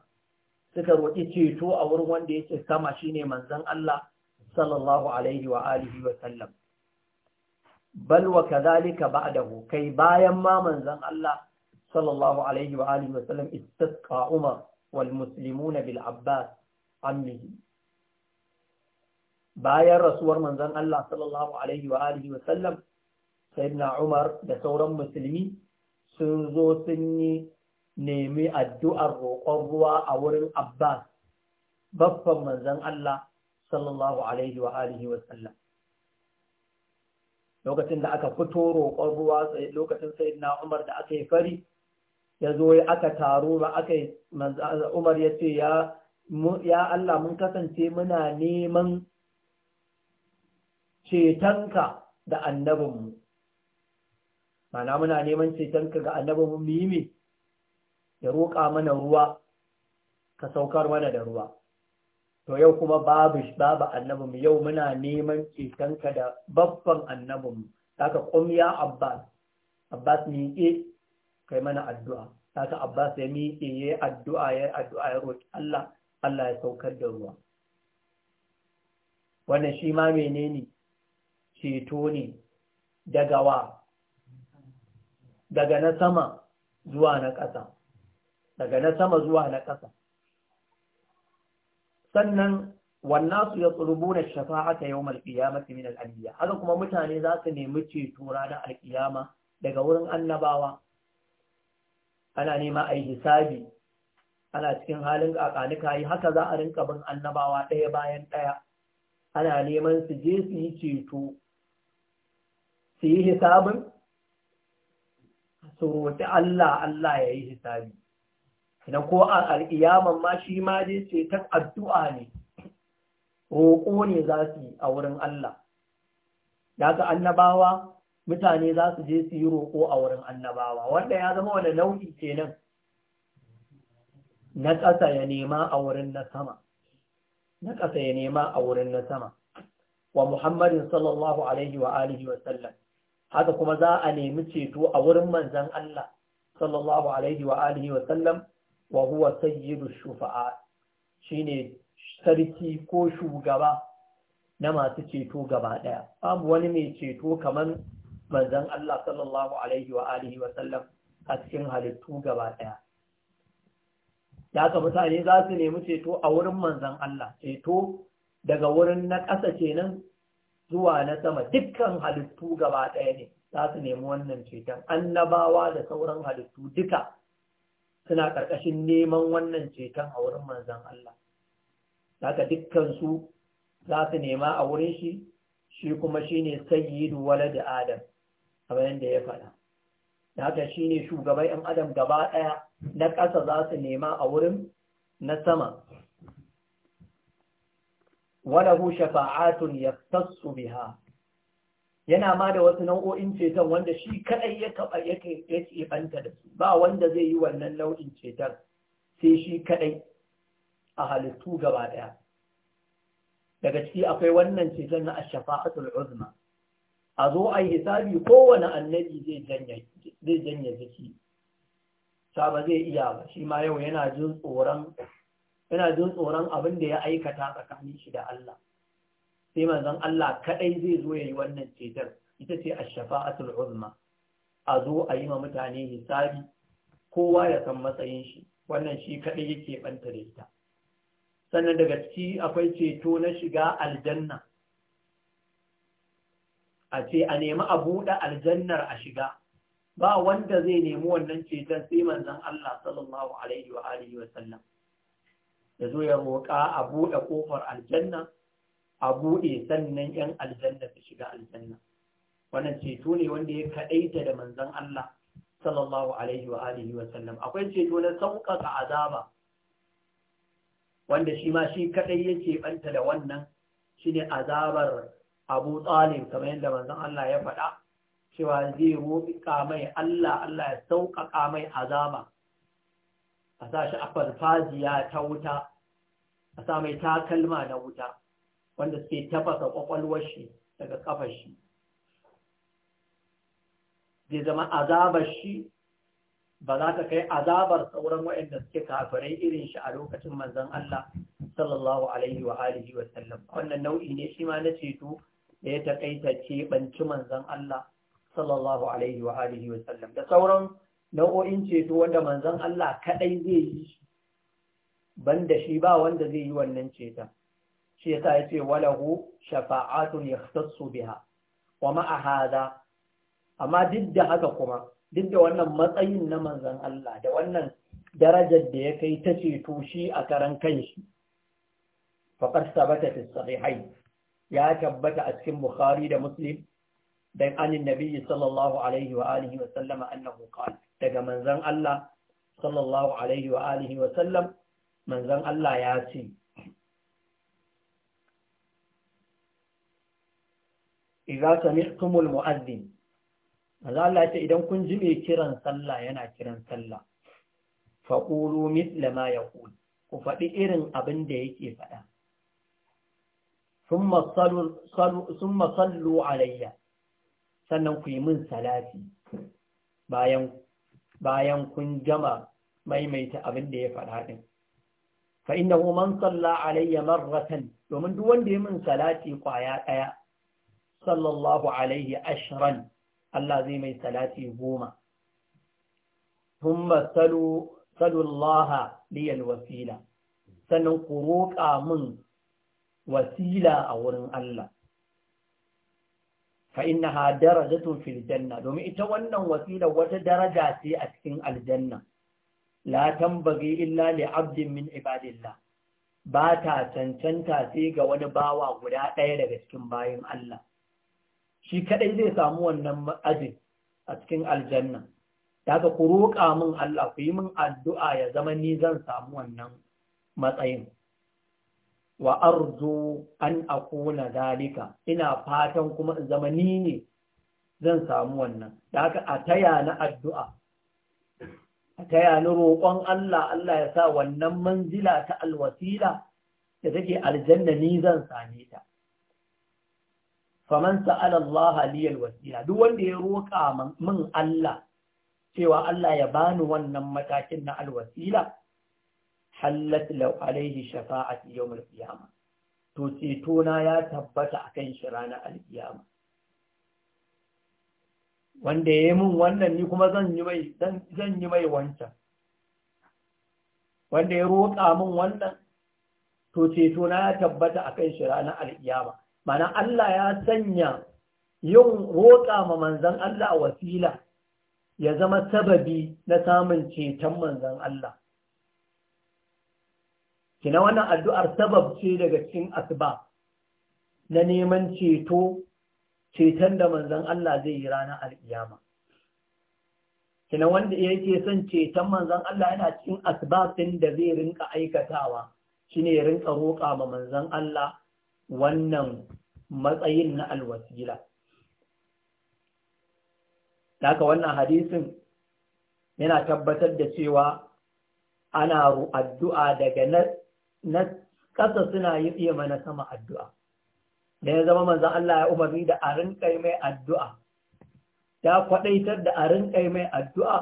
suka roƙi ceto a wurin wanda yake sama shine manzon Allah sallallahu alaihi wa alihi wa sallam bal wa ba ba'dahu kai bayan ma manzon Allah صلى الله عليه وآله وسلم عمر والمسلمون بالعباس عمه bayan rasuwar manzon Allah sallallahu sayyidina Umar da sauran musulmi sun zo sun yi nemi addu'ar roƙon ruwa a wurin Abbas baffan manzon Allah sallallahu lokacin da aka fito roƙon ruwa lokacin sayyidina Umar da aka yi fari ya zo ya aka taro ba aka yi umar ya ce ya Allah mun kasance muna neman cetonka da annabinmu mana muna neman cetonka ga annabinmu mimi ya roƙa mana ruwa ka saukar mana da ruwa to yau kuma babu babu annabinmu yau muna neman cetanka da babban annabinmu ka ƙumya abbas abbas miƙe kai mana addu'a haka Abbas ya miƙe ya addu'a ya addu'a ya roƙi Allah Allah ya saukar da ruwa wannan shi ma menene ceto ne daga wa daga na sama zuwa na ƙasa daga na sama zuwa na ƙasa sannan su ya tsurubuna shafa'ata yau malƙiyamata min al'adiyya haka kuma mutane za su nemi ceto ranar alƙiyama daga wurin annabawa ana nema a yi hisabi ana cikin halin ƙaƙanika yi haka za a rinka bin annabawa ɗaya bayan ɗaya ana neman su je su yi ceto su yi hisabin su roƙi Allah Allah ya yi hisabi idan ko a al'iyaman ma shi ma je ceton addu'a ne roƙo ne za su yi a wurin Allah da annabawa mutane za su je su yi roƙo a wurin annabawa wanda ya zama wani nau'i kenan na ƙasa ya nema a wurin na sama na ƙasa ya nema a wurin na sama wa muhammadin sallallahu alaihi wa alihi wa sallam haka kuma za a nemi ceto a wurin manzan Allah sallallahu alaihi wa alihi wa sallam wa huwa sayyidu shufa'a shine sarki ko shugaba na masu ceto gaba daya babu wani mai ceto kaman Manzan Allah sallallahu alaihi wa alihi wa sallam a cikin halittu gaba ɗaya. Ya ka mutane za su nemi ceto a wurin manzan Allah, ceto daga wurin na ƙasa kenan zuwa na sama dukkan halittu gaba ɗaya ne za su nemi wannan ceton. Annabawa da sauran halittu duka suna ƙarƙashin neman wannan ceton a wurin manzan Allah. Daga dukkan su za su nema a wurin shi, shi kuma shi shine sayyidu da Adam. a bayan da ya faɗa nata shi ne shugaban 'yan adam gaba ɗaya na ƙasa za su nema a wurin na sama walahu shafa'atun yaktassu biha yana ma da wasu nau'o'in ceton wanda shi kaɗai ya yake banta da su ba wanda zai yi wannan nau'in ceton sai shi kaɗai a halittu gaba ɗaya. daga ciki akwai wannan ceton na ash uzma a zo a yi hisabi kowane annabi zai janya ziki. ta ba zai iya ba shi ma yau yana jin tsoron abin da ya aikata tsakanin shi da Allah sai manzon Allah kaɗai zai zo ya yi wannan cetar ita ce shafa shafaatul uzma a zo a yi ma mutane hisabi kowa ya san matsayin shi wannan shi kaɗai yake ɓanta da ita sannan daga ciki akwai ceto na shiga aljanna a ce a nemi a buɗe aljannar a shiga ba wanda zai nemi wannan ceton sai manzon Allah sallallahu alaihi wa alihi wa sallam Ya zo ya roƙa a buɗe ƙofar aljanna a buɗe sannan ‘yan aljanna su shiga aljanna wannan ceto ne wanda ya kaɗaita da manzon Allah sallallahu alaihi wa alihi wa sallam akwai ceto na sauƙaƙa azaba wanda shi ma shi kaɗai yake banta da wannan shine azabar abu talib kamar yadda manzon Allah ya faɗa cewa zai roƙa mai Allah Allah ya sauƙaƙa mai azama. a sa shi a farfajiya ta wuta a sa mai takalma na wuta wanda suke tafasa ƙwaƙwalwar shi daga kafar shi zai zama azabar shi ba za ta kai azabar sauran waɗanda suke kafirai irin shi a lokacin manzon Allah sallallahu alaihi wa alihi wa sallam wannan nau'i ne shi ma na ceto da ya taƙaita ce banci manzan Allah sallallahu alaihi wa alihi wa sallam da sauran nau'o'in ceto wanda manzan Allah kaɗai zai yi shi banda shi ba wanda zai yi wannan ceton shi yasa ya ce walahu shafa'atun yahtassu biha wa ma'a hada amma duk da haka kuma duk da wannan matsayin na manzan Allah da wannan darajar da ya kai ta ceto shi a karan kanshi faqad sabata fi sahihai ya tabbata a cikin bukhari da muslim dan anin nabiyyi sallallahu alaihi wa alihi wa sallama annahu qala daga manzon Allah sallallahu alaihi wa alihi wa sallam manzon Allah ya ce idza sami'tumul mu'adhdhin manzo Allah ya ce idan kun ji mai kiran sallah yana kiran sallah faqulu mithla ma yaqul ku faɗi irin abin da yake faɗa sun masallu alayya sannan ku yi min salati bayan kun gama maimaita abin da ya faɗa ɗin fa inda man salla alayya marratan domin duk wanda ya min salati kwaya ɗaya sallallahu alaihi ashirin Allah zai mai salati goma ثم سلوا سلوا الله لي Sannan ku roƙa آمن wasila a wurin Allah fa innaha darajatun fil janna domin ita wannan wasila wata daraja ce a cikin aljanna la tambagi illa li abdin min ibadillah ba ta cancanta sai ga wani bawa guda ɗaya daga cikin bayan Allah shi kadai zai samu wannan ajin a cikin aljanna daga ku roƙa min Allah ku yi min addu'a ya zama ni zan samu wannan matsayin wa arzu an akuna dalika, ina fatan kuma in zama ni ne zan samu wannan da haka a taya na addu'a a taya ni roƙon Allah Allah ya sa wannan manzila ta alwasila da take aljanna ni zan same ta faman sa'ala Allah liyal wasila duk wanda ya roƙa min Allah cewa Allah ya bani wannan matakin na alwasila hallat law alaihi shafa'ati yawm al-qiyamah to ceto na ya tabbata akan shi ranar al-qiyama wanda yayi mun wannan ni kuma zan yi mai zan yi mai wancan wanda ya roƙa mun wannan to ceto na ya tabbata akan shi ranar al-qiyama mana Allah ya sanya yin roƙa ma manzon Allah wasila ya zama sababi na samun ceton manzon Allah kina wannan addu'ar sabab ce daga cikin asbab na neman ceto ceton da manzon Allah zai yi ranar al'iyama kina wanda yake son ceton manzon Allah yana cikin ɗin da zai rinka aikatawa shine ya rinka roƙa ma manzon Allah wannan matsayin na alwasila haka wannan hadisin yana tabbatar da cewa ana addu'a daga na ƙasa suna yi iya mana sama addu'a da ya zama manzan Allah ya umarni da a rinƙai mai addu'a ya kwaɗaitar da a rinƙai mai addu'a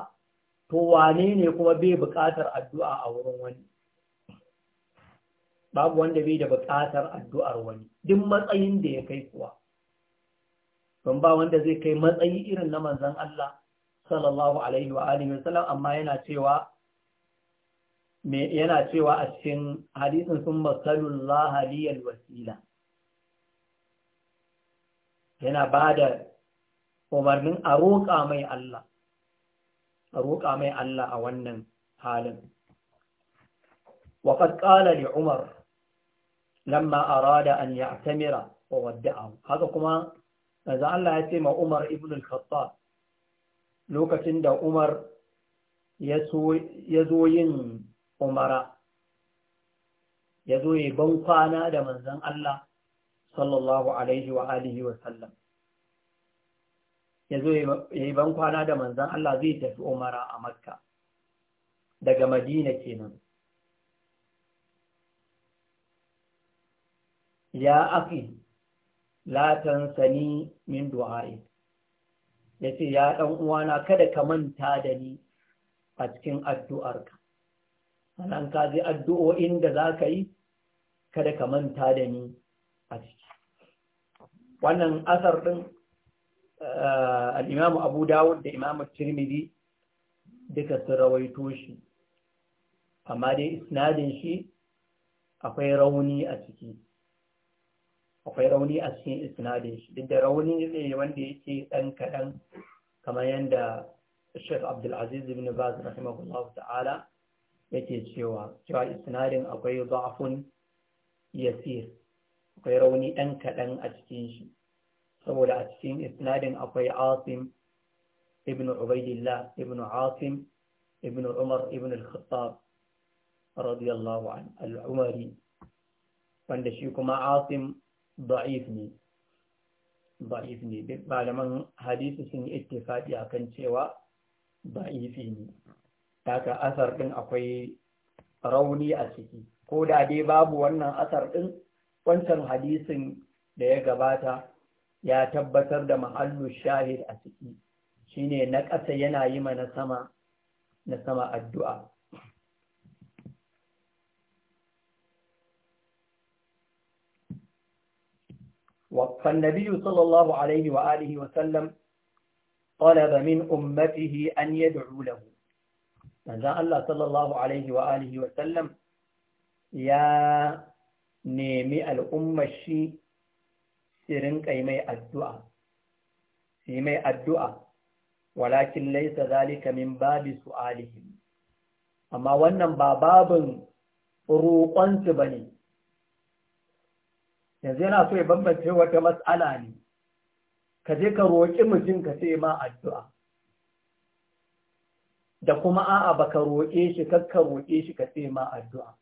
to wane ne kuma bai buƙatar addu'a a wurin wani babu wanda bai da buƙatar addu'ar wani duk matsayin da ya kai kuwa don ba wanda zai kai matsayi irin na manzan Allah sallallahu alaihi wa alihi wa amma yana cewa yana cewa a cikin hadisin sun matsalun lahaliyar wasila yana ba da umarnin a roƙa mai Allah a roƙa mai Allah a wannan halin waƙad ƙala li umar lamma arada an ya'tamira wa wadda'ahu haka kuma manzo Allah ya ce ma Umar ibn al lokacin da Umar ya zo yin umara ya zo ya ban kwana da manzan Allah sallallahu alaihi wa alihi wa sallam ya zo ya ban kwana da manzan Allah zai tafi umara a makka daga madina kenan ya afi latan sani min du'a'i ya ce ya ɗan uwana kada ka manta da ni a cikin addu'arka sannan ka ji addu'o'in da za ka yi kada ka manta da ni a ciki wannan asar ɗin eh, al'imamu abu dawud da imamu tirmidhi duka su rawaito shi amma dai isnadin shi akwai rauni a ciki akwai rauni a cikin isnadin shi duk da rauni ne wanda yake ɗan kaɗan kamar yadda Sheikh Abdulaziz ibn Baz rahimahullahu ta'ala yake cewa cewa isnadin akwai za'afun yasir akwai rauni dan kadan a cikin shi saboda a cikin isnadin akwai asim ibn ubaydillah ibn asim ibn umar ibn al-khattab radiyallahu an al-umari wanda shi kuma asim da'if ne da'if ne malaman hadisi sun yi ittifaqi akan cewa da'ifi ne Daka asar ɗin akwai rauni a ciki, ko da dai babu wannan asar ɗin wancan hadisin da ya gabata ya tabbatar da mahallu shahid a ciki, shine na ƙasa yana yi ma na sama, na sama addu'a. فالنبي صلى الله عليه وآله وسلم طلب من أمته أن يدعو له manzan Allah sallallahu alaihi wa alihi wa sallam ya nemi al'ummashi shi sirin kai mai addu'a mai addu'a walakin laisa zalika min babi su'alihim amma wannan ba babin roƙonsu ba ne yanzu yana so ya bambance wata matsala ne ka je ka roƙi mutum ka sai ma addu'a da kuma a'a baka roƙe shi kakka roƙe shi ka ce ma addu'a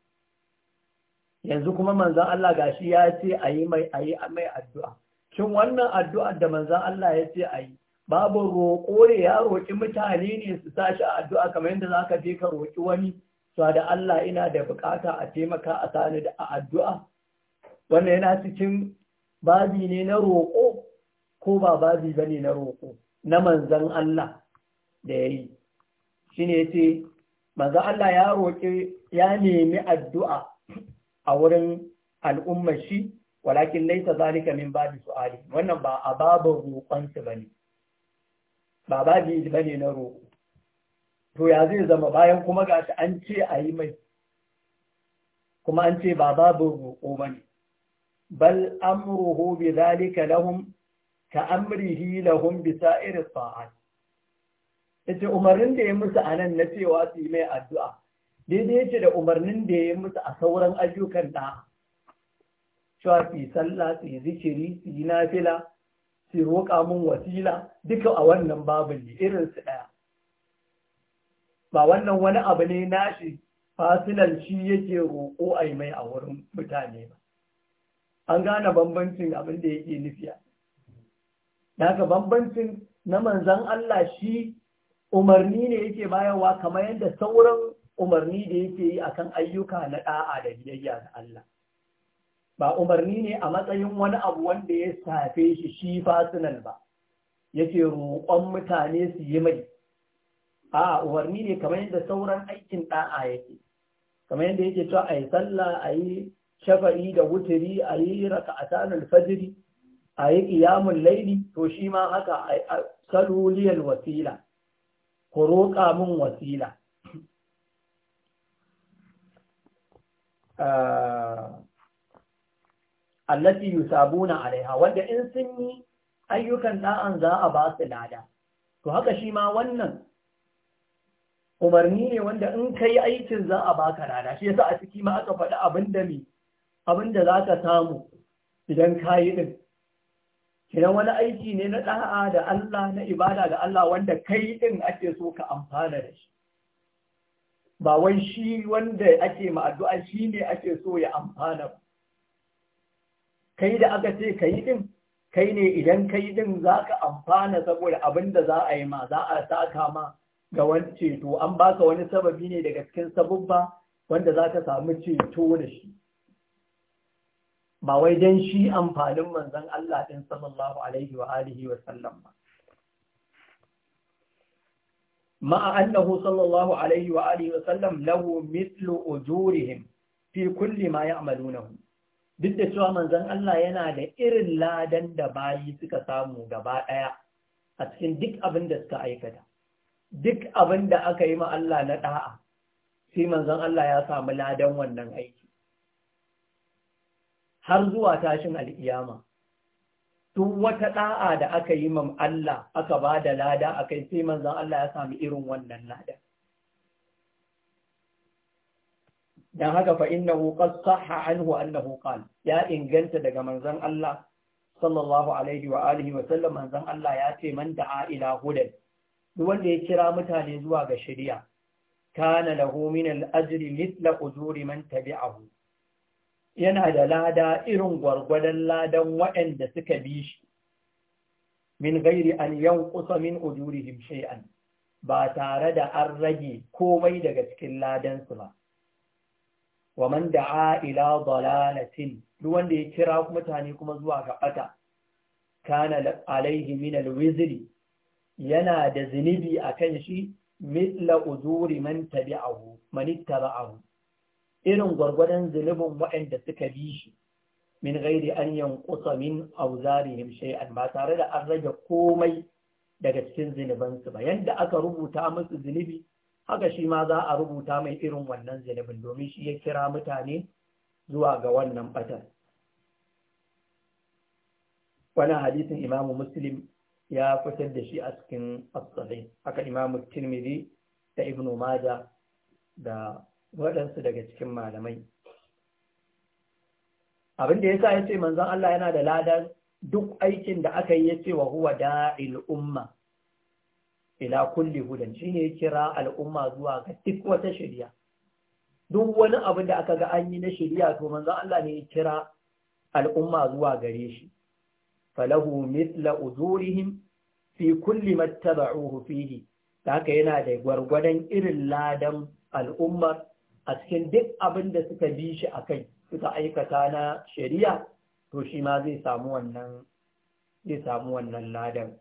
yanzu kuma manzan Allah gashi ya ce a yi mai addu'a shin wannan addu'ar da manzan Allah ya ce a yi babu roƙo ne ya roƙi mutane ne su tashi a addu'a kamar yadda za ka je ka roƙi wani su da Allah ina da buƙata a taimaka a sani da a addu'a wannan yana cikin babi ne na roƙo ko ba babi ba ne na roƙo na manzan Allah da ya yi ne yace manzo Allah ya roƙi ya nemi addu'a a wurin al'ummar shi walakin laisa zalika min babi su'ali wannan ba a babin roƙonsu ba ne. ba babi ne na roƙo to ya zai zama bayan kuma ga shi an ce a yi mai kuma an ce ba babin roƙo ba ne. bal amruhu bi zalika lahum ka amrihi hun bisa irin fa'ad. yace umarnin da ya musu a nan na cewa su yi mai addu'a daidai yace da umarnin da ya musu a sauran ayyukan da cewa su yi sallah su yi zikiri su yi nafila su roƙa mun wasila duka a wannan babin ne irin su ɗaya ba wannan wani abu ne nashi fasilan shi yake roƙo a mai a wurin mutane ba an gane bambancin abin da yake nufiya daga bambancin na manzan Allah shi umarni ne yake bayarwa kamar yadda sauran umarni da yake yi akan ayyuka na da'a da biyayya ga Allah ba umarni ne a matsayin wani abu wanda ya safe shi shi fasinal ba yake roƙon mutane su yi mai a umarni ne kamar yadda sauran aikin da'a yake kamar yadda yake cewa a yi sallah a yi shafa'i da wuturi a yi raka'atan fajiri, a yi iyamun laili to shi ma haka saluliyar wasila ku roƙa min wasila ah, allati yusabuna alaiha wanda in sun yi ayyukan ɗa'an za a ba su lada to haka shi ma wannan umarni ne wanda in ka yi aikin za a ba baka lada shi yasa a ciki ma aka faɗi abinda da za ka samu idan ka yi ɗin. kiran wani aiki ne na ɗa'a da Allah na ibada da Allah wanda kai ɗin ake so ka amfana da shi ba wai shi wanda ake ma'addu'a shi ne ake so ya amfana ba kai da aka ce ka ɗin kai ne idan kai ɗin za ka amfana saboda abin da za a yi ma za a saka ma ga wani ceto an baka wani sababi ne daga cikin sabubba wanda za ka samu ceto da shi ba wai don shi amfanin manzan Allah ɗin sallallahu Alaihi wa alihi wa sallam ba. Ma'a annahu sallallahu Alaihi wa alihi wa sallam lahu mitlu ujurihim fi kulli ma ya'malunahu. Duk da cewa manzan Allah yana da irin ladan da bayi suka samu gaba ɗaya a cikin duk abin da suka aikata. Duk abin da aka yi ma Allah na ɗa'a, sai manzan Allah ya samu ladan wannan aiki. har zuwa tashin al'iyama. Duk wata ɗa'a da aka yi mam Allah aka ba da lada a kai sai manzan Allah ya sami irin wannan lada. Don haka fa'innahu ƙasaha anhu annahu qal ya inganta daga manzan Allah, sallallahu Alaihi wa alihi wasallam manzan Allah ya ce man da'a ila wanda ya kira mutane zuwa ga shari'a, kana lahu min al'ajiri mitla ujuri man tabi'ahu. yana da lada irin gwargwadon ladan waɗanda suka bi shi min gairi an yan kusa min ujurihim shay'an ba tare da an rage komai daga cikin ladansu ba wa man da'a ila dalalatin duk wanda ya kira mutane kuma zuwa ga bata kana alaihi min alwizri yana da a akan shi mithla ujuri man tabi'ahu man ittaba'ahu irin gwargwadon zulubin waɗanda suka bi shi min gairi an yankusa min auzarihim shay'an ba tare da an rage komai daga cikin zunubansu ba yadda aka rubuta musu zunubi haka shi ma za a rubuta mai irin wannan zunubin domin shi ya kira mutane zuwa ga wannan batar Wannan hadisin imamu muslim ya fitar da shi a cikin asali haka imamu tirmidhi da ibnu maja da waɗansu daga cikin malamai abin da ya sa yasa yace manzan Allah yana da ladan duk aikin da aka yi ya ce wa huwa da'il umma ila kulli hudan shi ne kira al'umma zuwa ga duk wata shari'a duk wani abin da aka ga an yi na shirya to manzan Allah ne ya kira al'umma zuwa gare shi falahu mitla uzurihim fi kulli mattaba'uhu fihi haka yana da gwargwadon irin ladan al'ummar a cikin duk abin da suka bi shi a kai suka aikata na shari'a to shi ma zai samu wannan zai samu wannan ladan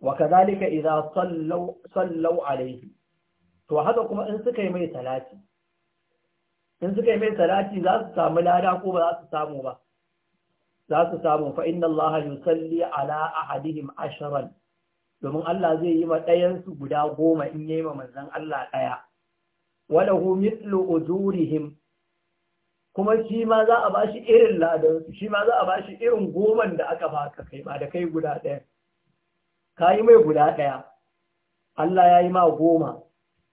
wa kadhalika idza sallu sallu alayhi to haka kuma in suka yi mai salati in suka yi mai salati za su samu lada ko ba za su samu ba za su samu fa inna allaha yusalli ala ahadihim ashran domin Allah zai yi ma ɗayansu guda goma in yi ma manzan Allah ɗaya walahu mitlu ujurihim kuma shi ma za a bashi irin ladansu shi ma za a bashi irin goman da aka baka kai ba da kai guda ɗaya ka yi mai guda ɗaya Allah ya yi ma goma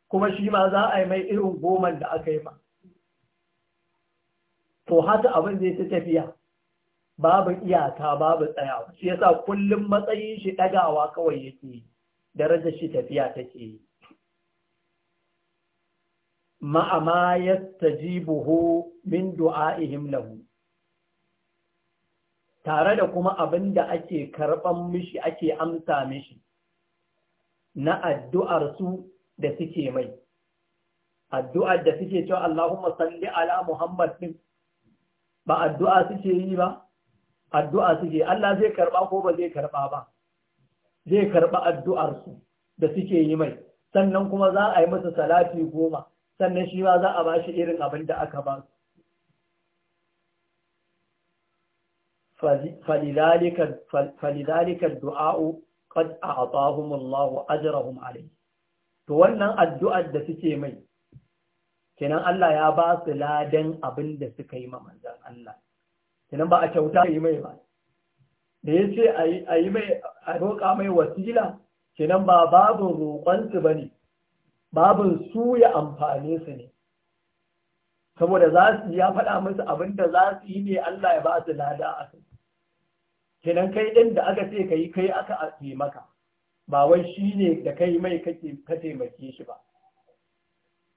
kuma shi ma za a yi mai irin goman da aka yi ma to haka abin zai ta tafiya babu iyaka babu tsayawa shi yasa kullum matsayin shi ɗagawa kawai yake daraja shi tafiya take yi ma'ama ya tajibuhu min du'a'ihim lahu tare da kuma abinda da ake karɓan mishi ake amsa mishi na addu'ar su da suke mai addu'ar da suke cewa Allahumma salli ala Muhammad ɗin ba addu'a suke yi ba addu'a suke Allah zai karɓa ko ba zai karɓa ba zai karɓa addu'arsu da suke yi mai sannan kuma za a yi masa salati goma sannan shi ma za a ba shi irin abin da aka ba su فلذلك الدعاء قد أعطاهم الله أجرهم عليه to wannan addu'ar da suke mai kenan Allah ya ba su ladan abin da suka yi ma manzan Allah kenan ba a kyauta yi mai ba da ya ce a yi mai a roƙa mai wasila Kinan ba babin roƙonsu ba ne babin su ya amfane su ne saboda za su ya faɗa musu abin da za su yi ne Allah ya ba su lada a su kenan kai ɗin da aka ce ka yi kai aka ake maka ba wai shi ne da kai mai ka taimake shi ba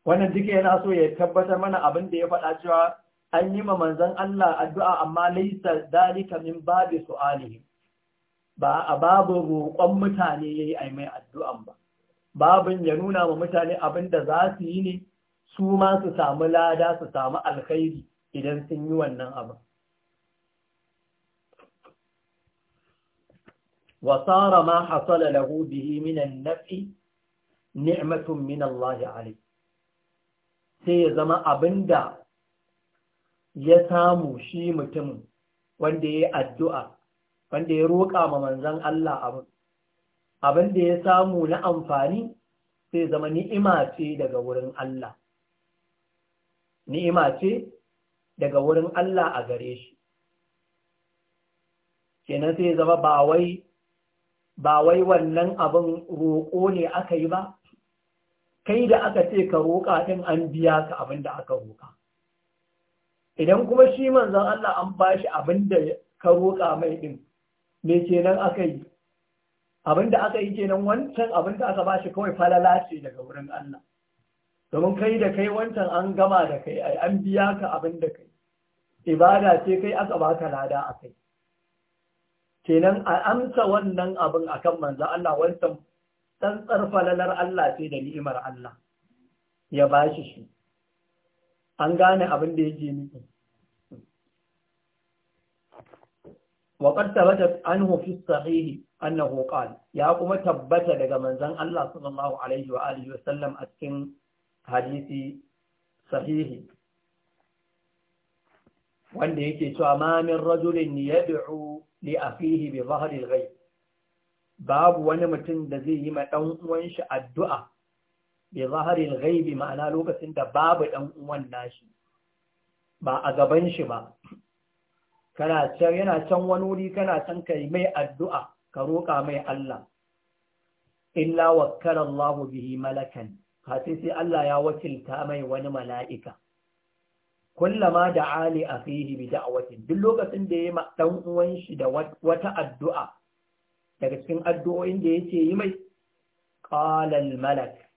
wannan duka yana so ya tabbatar mana abin da ya faɗa cewa an yi ma manzan Allah addu'a amma laisa dalika min babi su'alihi ba a babu roƙon mutane ya yi mai addu'an ba babin ya nuna ma mutane abin da za su yi ne su ma su samu lada su samu alkhairi idan sun yi wannan abin wasara ma hasala lahu bihi minan nafi ni'matun min Allah alai sai ya zama abinda ya samu shi mutumin wanda ya yi addu'a wanda ya roƙa ma manzan Allah abin abin da ya samu na amfani sai zama ni'ima ce daga wurin Allah ni'ima ce daga wurin Allah a gare shi kenan sai zama ba wai ba wai wannan abin roƙo ne aka yi ba kai da aka ce ka roƙa ɗin an biya ka abin da aka roƙa idan kuma shi manzon Allah an bashi abinda ka roƙa mai din me kenan aka yi abinda aka yi kenan wancan abin da aka bashi kawai falala ce daga wurin Allah domin kai da kai wancan an gama da kai ai an biya ka abinda kai ibada ce kai aka baka lada a kai kenan a amsa wannan abin akan manzo Allah wancan tsantsar falalar Allah ce da ni'imar Allah ya bashi shi an gane abin da yake nufi وقد ثبت عنه في الصحيح أنه قال ya kuma tabbata daga manzon Allah sallallahu alaihi wa alihi a cikin hadisi sahihi wanda yake cewa ma min rajulin yad'u li akhihi bi dhahri al-ghaib babu wani mutum da zai yi ma dan uwan shi addu'a bi zaharil ghaibi ma'ana lokacin da babu dan uwan nashi ba a gaban shi ba kana can yana can wani wuri kana can kai mai addu'a ka roƙa mai Allah illa wakkala Allah bihi malakan hasi sai Allah ya wakilta mai wani mala'ika kullama da ali akhihi bi da'watin duk lokacin da yayi dan uwan shi da wata addu'a daga cikin addu'o'in da yake yi mai qala al malak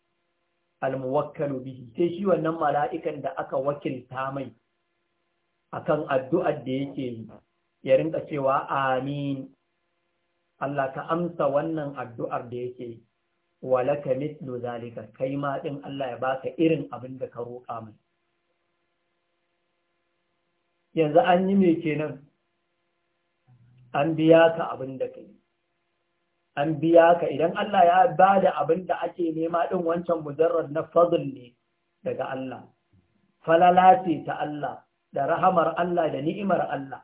almuwakkalu bihi sai shi wannan mala'ikan da aka wakilta mai akan addu'ar da yake yi ya rinka cewa amin Allah ka amsa wannan addu'ar da yake yi walaka mithlu zalika kai ma din Allah ya baka irin abin da ka roƙa mai yanzu an yi me kenan an biya ka abin da kai an biya ka idan Allah ya ba da abin da ake nema ɗin wancan mujarrar na fadl ne daga Allah falalace ta Allah da rahamar Allah da ni'imar Allah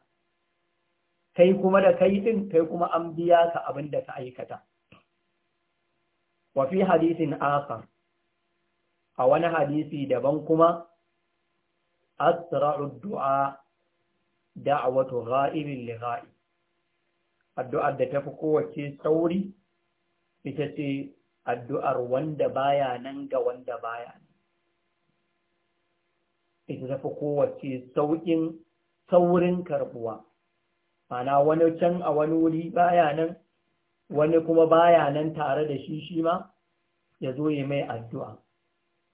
kai kuma da kai ɗin kai kuma an biya ka abin da ka aikata wa fi hadisin akhar a wani hadisi daban kuma asra'u du'a da'watu gha'ibin li gha'ib addu'ar da tafi kowace sauri ita ce addu'ar wanda baya nan ga wanda baya nan ita tafi kowace sauƙin saurin karbuwa mana wani can a wani wuri baya nan wani kuma baya nan tare da shi shi ma ya zo yi mai addu'a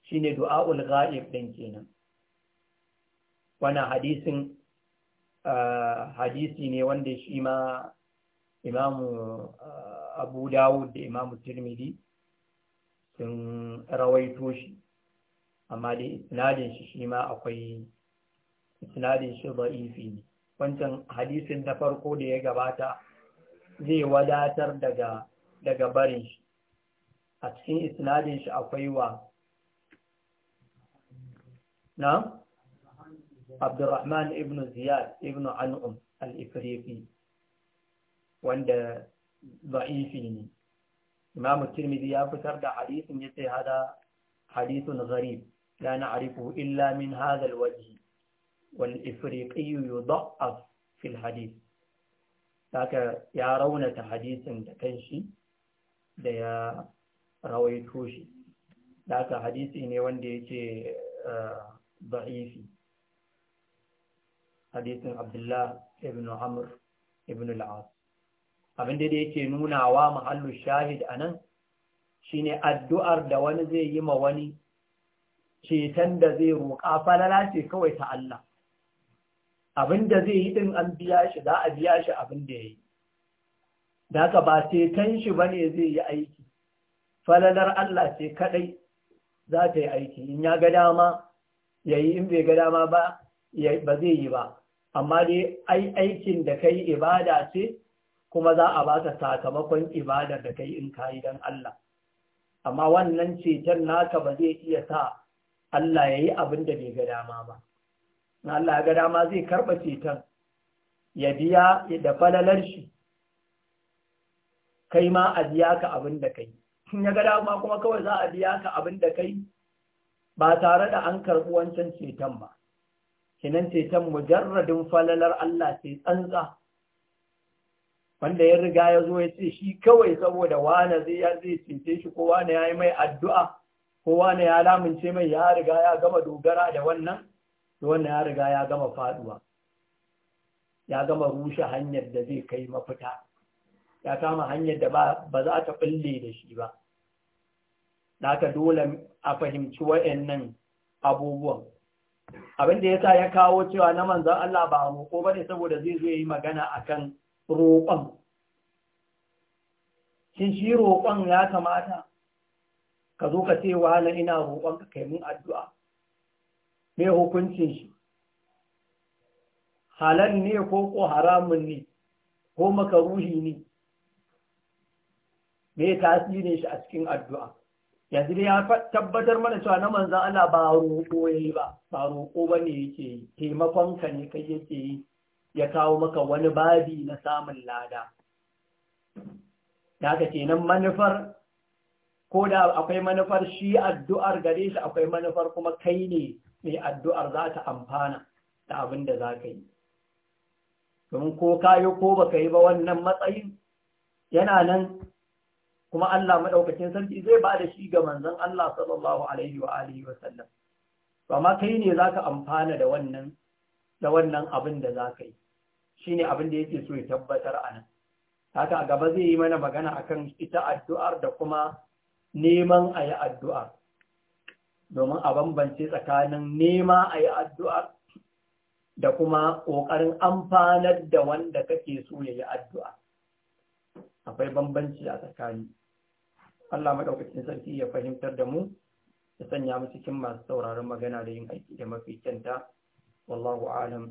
shi ne du'a'ul ga'ib ɗin kenan Wani hadisin ah, hadisi ne wanda shi ma imamu uh, abu dawud da imamu tirmidhi sun rawaito shi amma dai isnadin shi shi ma akwai isnadin shi da'ifi ne wancan hadisin na farko da ya gabata zai wadatar daga daga barin shi a cikin isnadin shi akwai wa na Abdurrahman ibn Ziyad ibn An'um al-Ifriqi wanda za'ifi ne imam tirmidhi ya fitar da hadisin yace hada hadithun gharib la na'rifu illa min hadha alwajh wal ifriqi yudha'af fi alhadith haka ya raunata hadisin da kanshi da ya rawaito shi haka hadisi ne wanda yake eh, da'ifi hadisin abdullah ibn amr ibn al-as abin da yake nunawa mahallu shahid a anan shine addu'ar da wani zai yi ma wani ceton da zai roƙa falala ce kawai ta Allah abin da zai yi din an biya shi za a biya shi abin da yayi da ka ba ceton shi ne zai yi aiki falalar Allah ce kaɗai za ta yi aiki in ya ga dama yayi in bai ga dama ba ba zai yi ba amma dai ai aikin da kai ibada ce kuma za a baka sakamakon ibadar da kai in kayi don Allah amma wannan ceton naka ba zai iya sa Allah ya yi abin da bai ga dama ba In Allah ya ga dama zai karɓa ceton ya biya da falalar shi kai ma a biya ka abin da kai ya ga dama kuma kawai za a biya ka abin da kai ba tare da an karɓi wancan ceton ba kinan ceton mujarradin falalar Allah sai tsantsa wanda ya riga ya zo ya ce shi kawai saboda wane zai ya zai cince shi ko wane ya yi mai addu'a ko wane ya lamince mai ya riga ya gama dogara da wannan to wannan ya riga ya gama faduwa ya gama rushe hanyar da zai kai mafita ya kama hanyar da ba za ta bulle da shi ba naka dole a fahimci wayannan abubuwan abin da yasa ya kawo cewa na manzon Allah ba mu ko bane saboda zai zo yi magana akan roƙon shin shi roƙon ya kamata ka zo ka ce wahala ina roƙon ka kai mun addu'a mai hukuncin shi Halar ne ko ko haramun ne ko makaruhi ne mai tasirin shi a cikin addu'a yanzu dai ya tabbatar mana cewa na manzan Allah ba roƙo ya yi ba ba roƙo ba ne yake yi taimakon ka ne kai yake yi ya kawo maka wani babi na samun lada da ce kenan manufar ko da akwai manufar shi addu'ar gare shi akwai manufar kuma kai ne mai addu'ar za ta amfana da abin da za ka yi domin ko kayo ko ba ka yi ba wannan matsayin yana nan kuma Allah maɗaukacin sarki zai ba da shi ga manzan Allah sallallahu Alaihi wa Alihi wasallam. Ba ma kai ne za ka amfana da wannan abin da za ka yi. shine abin da yake so ya tabbatar a nan haka a gaba zai yi mana magana akan ita addu'ar da kuma neman a yi addu'ar domin a bambance tsakanin nema a yi addu'ar da kuma ƙoƙarin amfanar da wanda kake so ya yi addu'a akwai bambanci a tsakani Allah maɗaukacin sarki ya fahimtar da mu ya sanya mu cikin masu sauraron magana da yin aiki da mafi kyanta wallahu alam